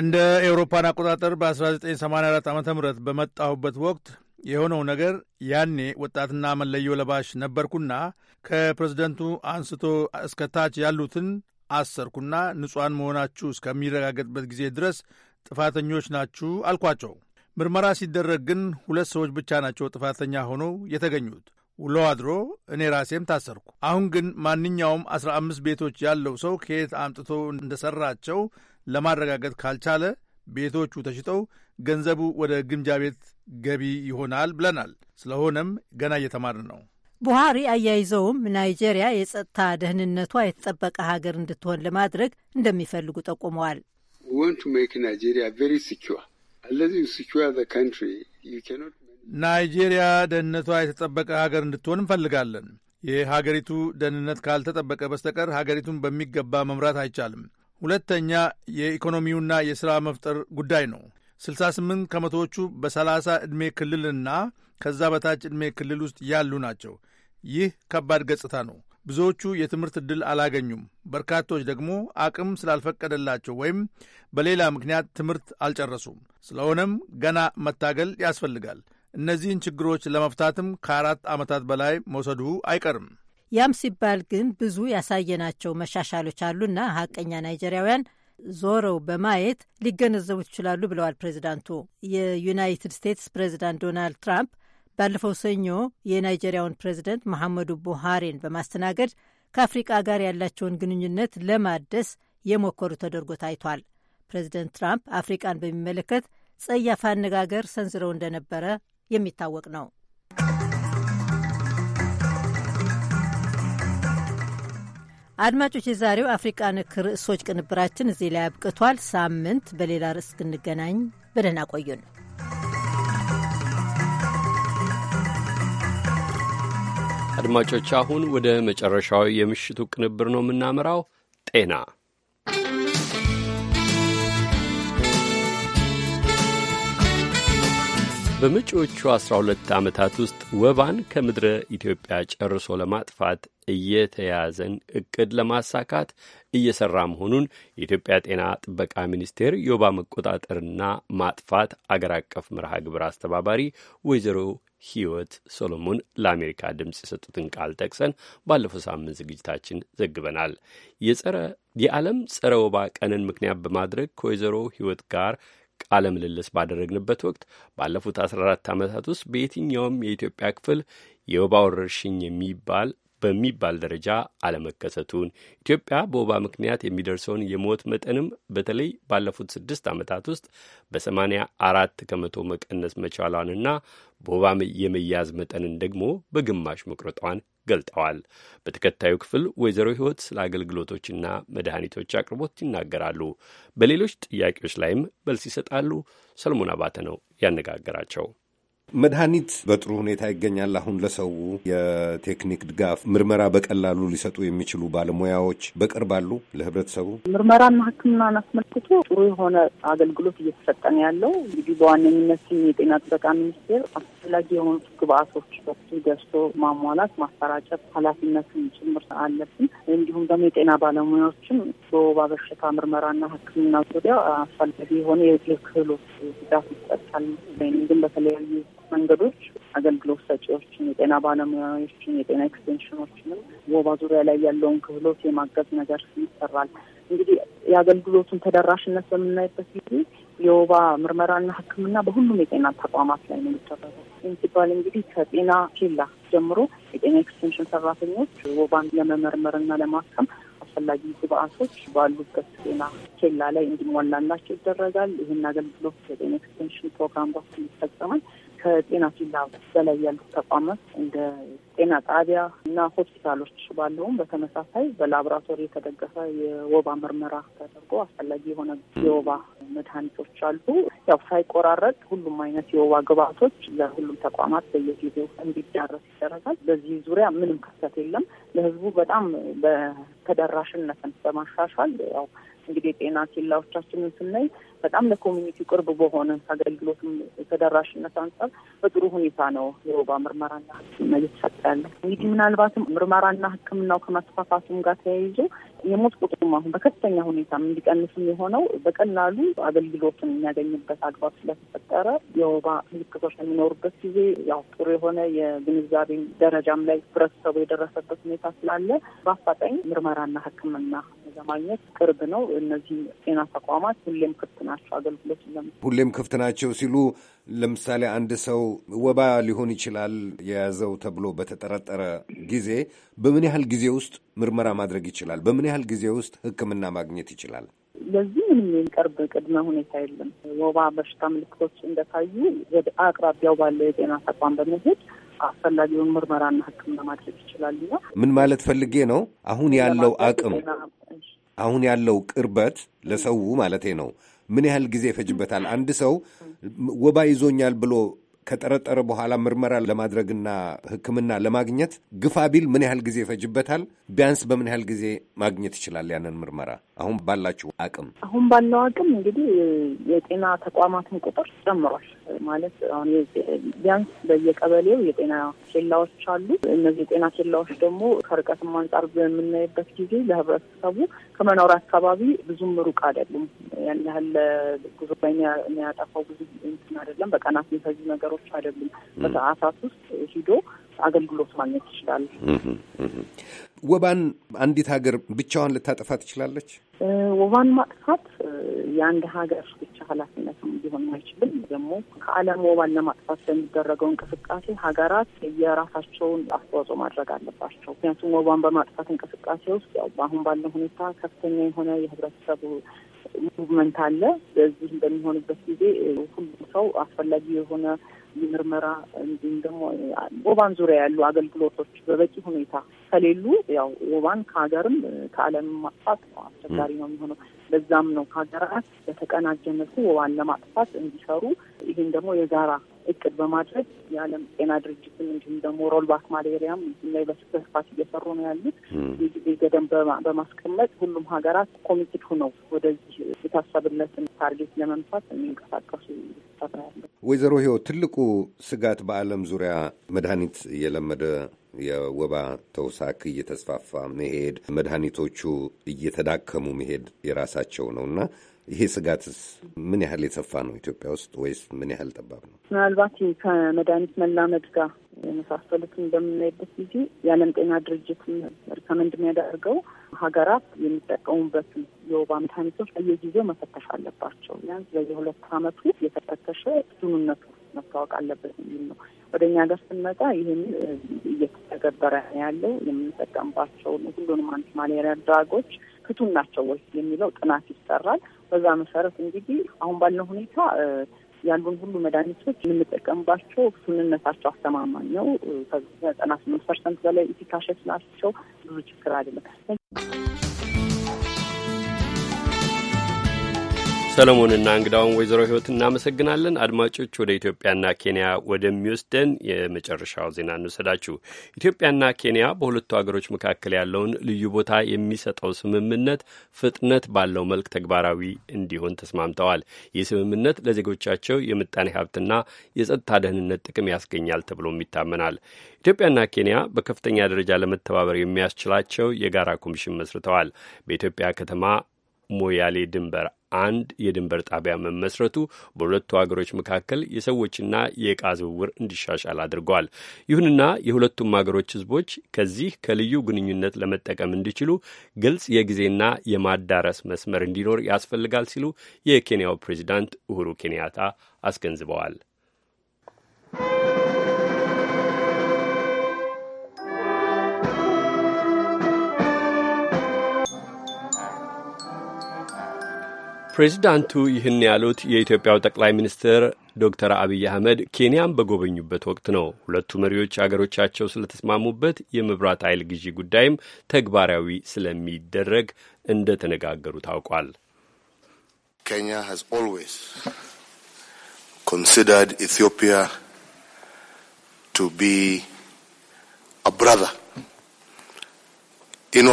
እንደ ኤውሮፓን አቆጣጠር በ1984 ዓ ም በመጣሁበት ወቅት የሆነው ነገር ያኔ ወጣትና መለዮ ለባሽ ነበርኩና ከፕሬዝደንቱ አንስቶ እስከ ታች ያሉትን አሰርኩና ንጹሐን መሆናችሁ እስከሚረጋገጥበት ጊዜ ድረስ ጥፋተኞች ናችሁ አልኳቸው። ምርመራ ሲደረግ ግን ሁለት ሰዎች ብቻ ናቸው ጥፋተኛ ሆነው የተገኙት። ውሎ አድሮ እኔ ራሴም ታሰርኩ። አሁን ግን ማንኛውም አስራ አምስት ቤቶች ያለው ሰው ከየት አምጥቶ እንደሰራቸው ለማረጋገጥ ካልቻለ ቤቶቹ ተሽጠው ገንዘቡ ወደ ግምጃ ቤት ገቢ ይሆናል ብለናል። ስለሆነም ገና እየተማርን ነው። ቡሃሪ አያይዘውም ናይጄሪያ የጸጥታ ደህንነቷ የተጠበቀ ሀገር እንድትሆን ለማድረግ እንደሚፈልጉ ጠቁመዋል። ናይጄሪያ ቬሪ ሲኪዋ ናይጄሪያ ደህንነቷ የተጠበቀ ሀገር እንድትሆን እንፈልጋለን። የሀገሪቱ ደህንነት ካልተጠበቀ በስተቀር ሀገሪቱን በሚገባ መምራት አይቻልም። ሁለተኛ የኢኮኖሚውና የሥራ መፍጠር ጉዳይ ነው። 68 ከመቶዎቹ በ30 ዕድሜ ክልልና ከዛ በታች ዕድሜ ክልል ውስጥ ያሉ ናቸው። ይህ ከባድ ገጽታ ነው። ብዙዎቹ የትምህርት ዕድል አላገኙም። በርካቶች ደግሞ አቅም ስላልፈቀደላቸው ወይም በሌላ ምክንያት ትምህርት አልጨረሱም። ስለሆነም ገና መታገል ያስፈልጋል። እነዚህን ችግሮች ለመፍታትም ከአራት ዓመታት በላይ መውሰዱ አይቀርም። ያም ሲባል ግን ብዙ ያሳየናቸው መሻሻሎች አሉና ሀቀኛ ናይጄሪያውያን ዞረው በማየት ሊገነዘቡ ይችላሉ ብለዋል ፕሬዚዳንቱ። የዩናይትድ ስቴትስ ፕሬዚዳንት ዶናልድ ትራምፕ ባለፈው ሰኞ የናይጄሪያውን ፕሬዚደንት መሐመዱ ቡሃሪን በማስተናገድ ከአፍሪቃ ጋር ያላቸውን ግንኙነት ለማደስ የሞከሩ ተደርጎ ታይቷል። ፕሬዚደንት ትራምፕ አፍሪቃን በሚመለከት ጸያፍ አነጋገር ሰንዝረው እንደነበረ የሚታወቅ ነው። አድማጮች፣ የዛሬው አፍሪቃ ነክ ርዕሶች ቅንብራችን እዚህ ላይ አብቅቷል። ሳምንት በሌላ ርዕስ እስክንገናኝ በደህና ቆዩን። አድማጮች፣ አሁን ወደ መጨረሻዊ የምሽቱ ቅንብር ነው የምናመራው። ጤና በመጪዎቹ 12 ዓመታት ውስጥ ወባን ከምድረ ኢትዮጵያ ጨርሶ ለማጥፋት እየተያዘን እቅድ ለማሳካት እየሰራ መሆኑን የኢትዮጵያ ጤና ጥበቃ ሚኒስቴር የወባ መቆጣጠርና ማጥፋት አገር አቀፍ መርሃ ግብር አስተባባሪ ወይዘሮ ህይወት ሶሎሞን ለአሜሪካ ድምፅ የሰጡትን ቃል ጠቅሰን ባለፈው ሳምንት ዝግጅታችን ዘግበናል። የጸረ የዓለም ጸረ ወባ ቀንን ምክንያት በማድረግ ከወይዘሮ ህይወት ጋር ቃለ ምልልስ ባደረግንበት ወቅት ባለፉት 14 ዓመታት ውስጥ በየትኛውም የኢትዮጵያ ክፍል የወባ ወረርሽኝ የሚባል በሚባል ደረጃ አለመከሰቱን ኢትዮጵያ በወባ ምክንያት የሚደርሰውን የሞት መጠንም በተለይ ባለፉት ስድስት ዓመታት ውስጥ በሰማንያ አራት ከመቶ መቀነስ መቻሏንና በወባ የመያዝ መጠንን ደግሞ በግማሽ መቁረጧን ገልጠዋል። በተከታዩ ክፍል ወይዘሮ ህይወት ስለ አገልግሎቶችና መድኃኒቶች አቅርቦት ይናገራሉ። በሌሎች ጥያቄዎች ላይም መልስ ይሰጣሉ። ሰለሞን አባተ ነው ያነጋገራቸው። መድኃኒት በጥሩ ሁኔታ ይገኛል። አሁን ለሰው የቴክኒክ ድጋፍ፣ ምርመራ በቀላሉ ሊሰጡ የሚችሉ ባለሙያዎች በቅርብ አሉ። ለህብረተሰቡ ምርመራና ሕክምናን አስመልክቶ ጥሩ የሆነ አገልግሎት እየተሰጠ ነው ያለው። እንግዲህ በዋነኝነት የጤና ጥበቃ ሚኒስቴር አስፈላጊ የሆኑት ግብአቶች በሱ ገዝቶ ማሟላት፣ ማሰራጨት ኃላፊነትን ጭምር አለብን። እንዲሁም ደግሞ የጤና ባለሙያዎችም በወባ በሽታ ምርመራና ሕክምና ዙሪያ አስፈላጊ የሆነ የክህሎት ድጋፍ ይሰጣል። ግን በተለያዩ መንገዶች አገልግሎት ሰጪዎችን፣ የጤና ባለሙያዎችን፣ የጤና ኤክስቴንሽኖችንም ወባ ዙሪያ ላይ ያለውን ክህሎት የማገዝ ነገር ይሰራል። እንግዲህ የአገልግሎቱን ተደራሽነት በምናይበት ጊዜ የወባ ምርመራና ሕክምና በሁሉም የጤና ተቋማት ላይ ነው የሚደረገው። ይህም ሲባል እንግዲህ ከጤና ኬላ ጀምሮ የጤና ኤክስቴንሽን ሰራተኞች ወባን ለመመርመርና ለማከም አስፈላጊ ግብአቶች ባሉበት ጤና ኬላ ላይ እንዲሟላላቸው ይደረጋል። ይህን አገልግሎት የጤና ኤክስቴንሽን ፕሮግራም በኩል ይፈጸማል። ከጤና ኬላ በላይ ያሉት ተቋማት እንደ ጤና ጣቢያ እና ሆስፒታሎች ባለውም በተመሳሳይ በላቦራቶሪ የተደገፈ የወባ ምርመራ ተደርጎ አስፈላጊ የሆነ የወባ መድኃኒቶች አሉ። ያው ሳይቆራረጥ ሁሉም አይነት የወባ ግብዓቶች ለሁሉም ተቋማት በየጊዜው እንዲዳረስ ይደረጋል። በዚህ ዙሪያ ምንም ክፍተት የለም። ለህዝቡ በጣም በተደራሽነትን በማሻሻል ያው እንግዲህ የጤና ኬላዎቻችንን ስናይ በጣም ለኮሚኒቲ ቅርብ በሆነ አገልግሎት ተደራሽነት አንጻር በጥሩ ሁኔታ ነው የወባ ምርመራና ሕክምና እየተሰጠ ያለ። እንግዲህ ምናልባትም ምርመራና ሕክምናው ከመስፋፋቱም ጋር ተያይዞ የሞት ቁጥሩም አሁን በከፍተኛ ሁኔታ እንዲቀንስም የሆነው በቀላሉ አገልግሎትን የሚያገኝበት አግባብ ስለተፈጠረ የወባ ምልክቶች የሚኖሩበት ጊዜ ያው ጥሩ የሆነ የግንዛቤ ደረጃም ላይ ህብረተሰቡ የደረሰበት ሁኔታ ስላለ በአፋጣኝ ምርመራና ሕክምና ለማግኘት ቅርብ ነው። እነዚህ ጤና ተቋማት ሁሌም ክፍት ናቸው። ናቸው አገልግሎት ሁሌም ክፍት ናቸው ሲሉ ለምሳሌ አንድ ሰው ወባ ሊሆን ይችላል የያዘው ተብሎ በተጠረጠረ ጊዜ በምን ያህል ጊዜ ውስጥ ምርመራ ማድረግ ይችላል? በምን ያህል ጊዜ ውስጥ ህክምና ማግኘት ይችላል? ለዚህ ምንም የሚቀርብ ቅድመ ሁኔታ የለም። ወባ በሽታ ምልክቶች እንደታዩ ወደ አቅራቢያው ባለው የጤና ተቋም በመሄድ አስፈላጊውን ምርመራና ህክምና ማድረግ ይችላል። እና ምን ማለት ፈልጌ ነው አሁን ያለው አቅም አሁን ያለው ቅርበት ለሰው ማለቴ ነው ምን ያህል ጊዜ ይፈጅበታል? አንድ ሰው ወባ ይዞኛል ብሎ ከጠረጠረ በኋላ ምርመራ ለማድረግና ሕክምና ለማግኘት ግፋ ቢል ምን ያህል ጊዜ ይፈጅበታል? ቢያንስ በምን ያህል ጊዜ ማግኘት ይችላል ያንን ምርመራ? አሁን ባላችሁ አቅም አሁን ባለው አቅም እንግዲህ የጤና ተቋማትን ቁጥር ጨምሯል። ማለት አሁን ቢያንስ በየቀበሌው የጤና ኬላዎች አሉ። እነዚህ የጤና ኬላዎች ደግሞ ከርቀትም አንጻር በምናይበት ጊዜ ለህብረተሰቡ ከመኖሪያ አካባቢ ብዙም ሩቅ አይደሉም። ያን ያህል ጉዞ የሚያጠፋው ብዙ እንትን አይደለም። በቀናት የሚፈጁ ነገሮች አይደሉም። በሰዓታት ውስጥ ሂዶ አገልግሎት ማግኘት ይችላሉ። ወባን አንዲት ሀገር ብቻዋን ልታጠፋ ትችላለች? ወባን ማጥፋት የአንድ ሀገር ብቻ ኃላፊነትም ሊሆን አይችልም። ደግሞ ከዓለም ወባን ለማጥፋት በሚደረገው እንቅስቃሴ ሀገራት የራሳቸውን አስተዋጽኦ ማድረግ አለባቸው። ምክንያቱም ወባን በማጥፋት እንቅስቃሴ ውስጥ ያው አሁን ባለው ሁኔታ ከፍተኛ የሆነ የህብረተሰቡ ሙቭመንት አለ። በዚህ በሚሆንበት ጊዜ ሁሉም ሰው አስፈላጊ የሆነ የምርመራ እንዲሁም ደግሞ ወባን ዙሪያ ያሉ አገልግሎቶች በበቂ ሁኔታ ከሌሉ ያው ወባን ከሀገርም ከዓለምም ማጥፋት ነው አስቸጋሪ ነው የሚሆነው። በዛም ነው ከሀገራት በተቀናጀ መልኩ ወባን ለማጥፋት እንዲሰሩ ይህም ደግሞ የጋራ እቅድ በማድረግ የዓለም ጤና ድርጅትን እንዲሁም ደግሞ ሮልባክ ማሌሪያም ላይ በስፋት እየሰሩ ነው ያሉት። የጊዜ ገደም በማስቀመጥ ሁሉም ሀገራት ኮሚትድ ሁነው ወደዚህ የታሰብለትን ታርጌት ለመንፋት የሚንቀሳቀሱ ያለው ወይዘሮ ህይወት ትልቁ ስጋት በዓለም ዙሪያ መድኃኒት የለመደ የወባ ተውሳክ እየተስፋፋ መሄድ፣ መድኃኒቶቹ እየተዳከሙ መሄድ የራሳቸው ነው እና ይሄ ስጋትስ ምን ያህል የሰፋ ነው ኢትዮጵያ ውስጥ ወይስ ምን ያህል ጠባብ ነው? ምናልባት ከመድኃኒት መላመድ ጋር የመሳሰሉትን በምናይበት ጊዜ የዓለም ጤና ድርጅት ሪከመንድ የሚያደርገው ሀገራት የሚጠቀሙበት የወባ መድኃኒቶች በየጊዜው መፈተሽ አለባቸው። ቢያንስ በየሁለት ዓመቱ የተፈተሸ ስኑነቱ መታወቅ አለበት የሚል ነው። ወደ እኛ ሀገር ስንመጣ ይህን እየተተገበረ ያለው የምንጠቀምባቸው ሁሉንም አንት ማሌሪያ ድራጎች ክቱን ናቸው ወይ የሚለው ጥናት ይሰራል። በዛ መሰረት እንግዲህ አሁን ባለው ሁኔታ ያሉን ሁሉ መድኃኒቶች የምንጠቀምባቸው ሱንነታቸው አስተማማኝ ነው። ከዘጠና ስምንት ፐርሰንት በላይ ኢፊካሸስ ስላቸው ብዙ ችግር አይደለም። ሰለሞንና እንግዳውን ወይዘሮ ህይወት እናመሰግናለን። አድማጮች ወደ ኢትዮጵያና ኬንያ ወደሚወስደን የመጨረሻው ዜና እንውሰዳችሁ። ኢትዮጵያና ኬንያ በሁለቱ ሀገሮች መካከል ያለውን ልዩ ቦታ የሚሰጠው ስምምነት ፍጥነት ባለው መልክ ተግባራዊ እንዲሆን ተስማምተዋል። ይህ ስምምነት ለዜጎቻቸው የምጣኔ ሀብትና የጸጥታ ደህንነት ጥቅም ያስገኛል ተብሎም ይታመናል። ኢትዮጵያና ኬንያ በከፍተኛ ደረጃ ለመተባበር የሚያስችላቸው የጋራ ኮሚሽን መስርተዋል። በኢትዮጵያ ከተማ ሞያሌ ድንበር አንድ የድንበር ጣቢያ መመስረቱ በሁለቱ ሀገሮች መካከል የሰዎችና የእቃ ዝውውር እንዲሻሻል አድርጓል። ይሁንና የሁለቱም ሀገሮች ህዝቦች ከዚህ ከልዩ ግንኙነት ለመጠቀም እንዲችሉ ግልጽ የጊዜና የማዳረስ መስመር እንዲኖር ያስፈልጋል ሲሉ የኬንያው ፕሬዚዳንት ኡሁሩ ኬንያታ አስገንዝበዋል። ፕሬዚዳንቱ ይህን ያሉት የኢትዮጵያው ጠቅላይ ሚኒስትር ዶክተር አብይ አህመድ ኬንያን በጎበኙበት ወቅት ነው። ሁለቱ መሪዎች አገሮቻቸው ስለተስማሙበት የመብራት ኃይል ግዢ ጉዳይም ተግባራዊ ስለሚደረግ እንደተነጋገሩ ታውቋል። ኬንያ has always considered Ethiopia to be a brother in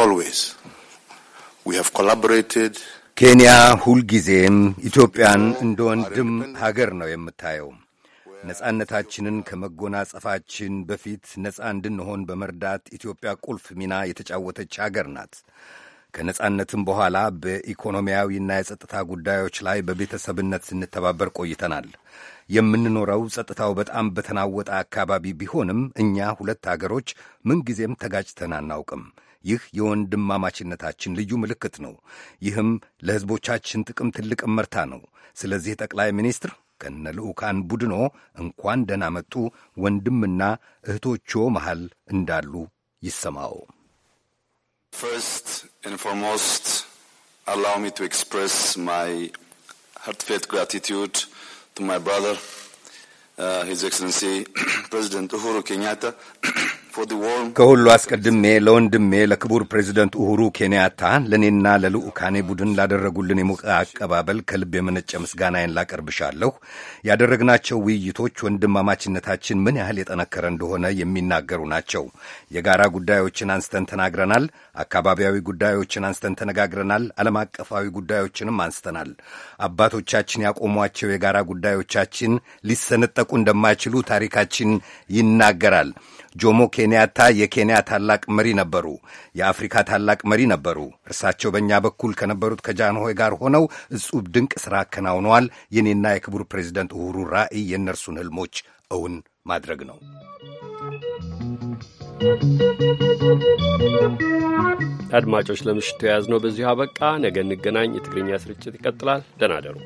ኬንያ ሁልጊዜም ኢትዮጵያን እንደ ወንድም ሀገር ነው የምታየው። ነጻነታችንን ከመጎናጸፋችን በፊት ነጻ እንድንሆን በመርዳት ኢትዮጵያ ቁልፍ ሚና የተጫወተች ሀገር ናት። ከነጻነትም በኋላ በኢኮኖሚያዊና የጸጥታ ጉዳዮች ላይ በቤተሰብነት ስንተባበር ቆይተናል። የምንኖረው ጸጥታው በጣም በተናወጠ አካባቢ ቢሆንም እኛ ሁለት አገሮች ምንጊዜም ተጋጭተን አናውቅም። ይህ የወንድማማችነታችን ልዩ ምልክት ነው። ይህም ለሕዝቦቻችን ጥቅም ትልቅ እመርታ ነው። ስለዚህ ጠቅላይ ሚኒስትር ከነ ልዑካን ቡድኖ እንኳን ደህና መጡ፣ ወንድምና እህቶቾ መሃል እንዳሉ ይሰማው። ፈርስት ኤንድ ፎርሞስት አላው ሚ ቱ ኤክስፕረስ ማይ ሀርትፌልት ግራቲቲዩድ ቱ ማይ ብራዘር ሂዝ ኤክሰለንሲ ፕሬዚደንት ኡሁሩ ኬንያታ ከሁሉ አስቀድሜ ለወንድሜ ለክቡር ፕሬዚደንት ኡሁሩ ኬንያታ ለእኔና ለልዑካኔ ቡድን ላደረጉልን የሞቀ አቀባበል ከልብ የመነጨ ምስጋናዬን ላቀርብሻለሁ። ያደረግናቸው ውይይቶች ወንድማማችነታችን ምን ያህል የጠነከረ እንደሆነ የሚናገሩ ናቸው። የጋራ ጉዳዮችን አንስተን ተናግረናል። አካባቢያዊ ጉዳዮችን አንስተን ተነጋግረናል። ዓለም አቀፋዊ ጉዳዮችንም አንስተናል። አባቶቻችን ያቆሟቸው የጋራ ጉዳዮቻችን ሊሰነጠቁ እንደማይችሉ ታሪካችን ይናገራል። ጆሞ ኬንያታ የኬንያ ታላቅ መሪ ነበሩ፣ የአፍሪካ ታላቅ መሪ ነበሩ። እርሳቸው በእኛ በኩል ከነበሩት ከጃንሆይ ጋር ሆነው እጹብ ድንቅ ሥራ አከናውነዋል። የኔና የክቡር ፕሬዚደንት ኡሁሩ ራዕይ የእነርሱን ህልሞች እውን ማድረግ ነው። አድማጮች ለምሽቱ የያዝነው በዚሁ አበቃ። ነገ እንገናኝ። የትግርኛ ስርጭት ይቀጥላል። ደህና ደሩ።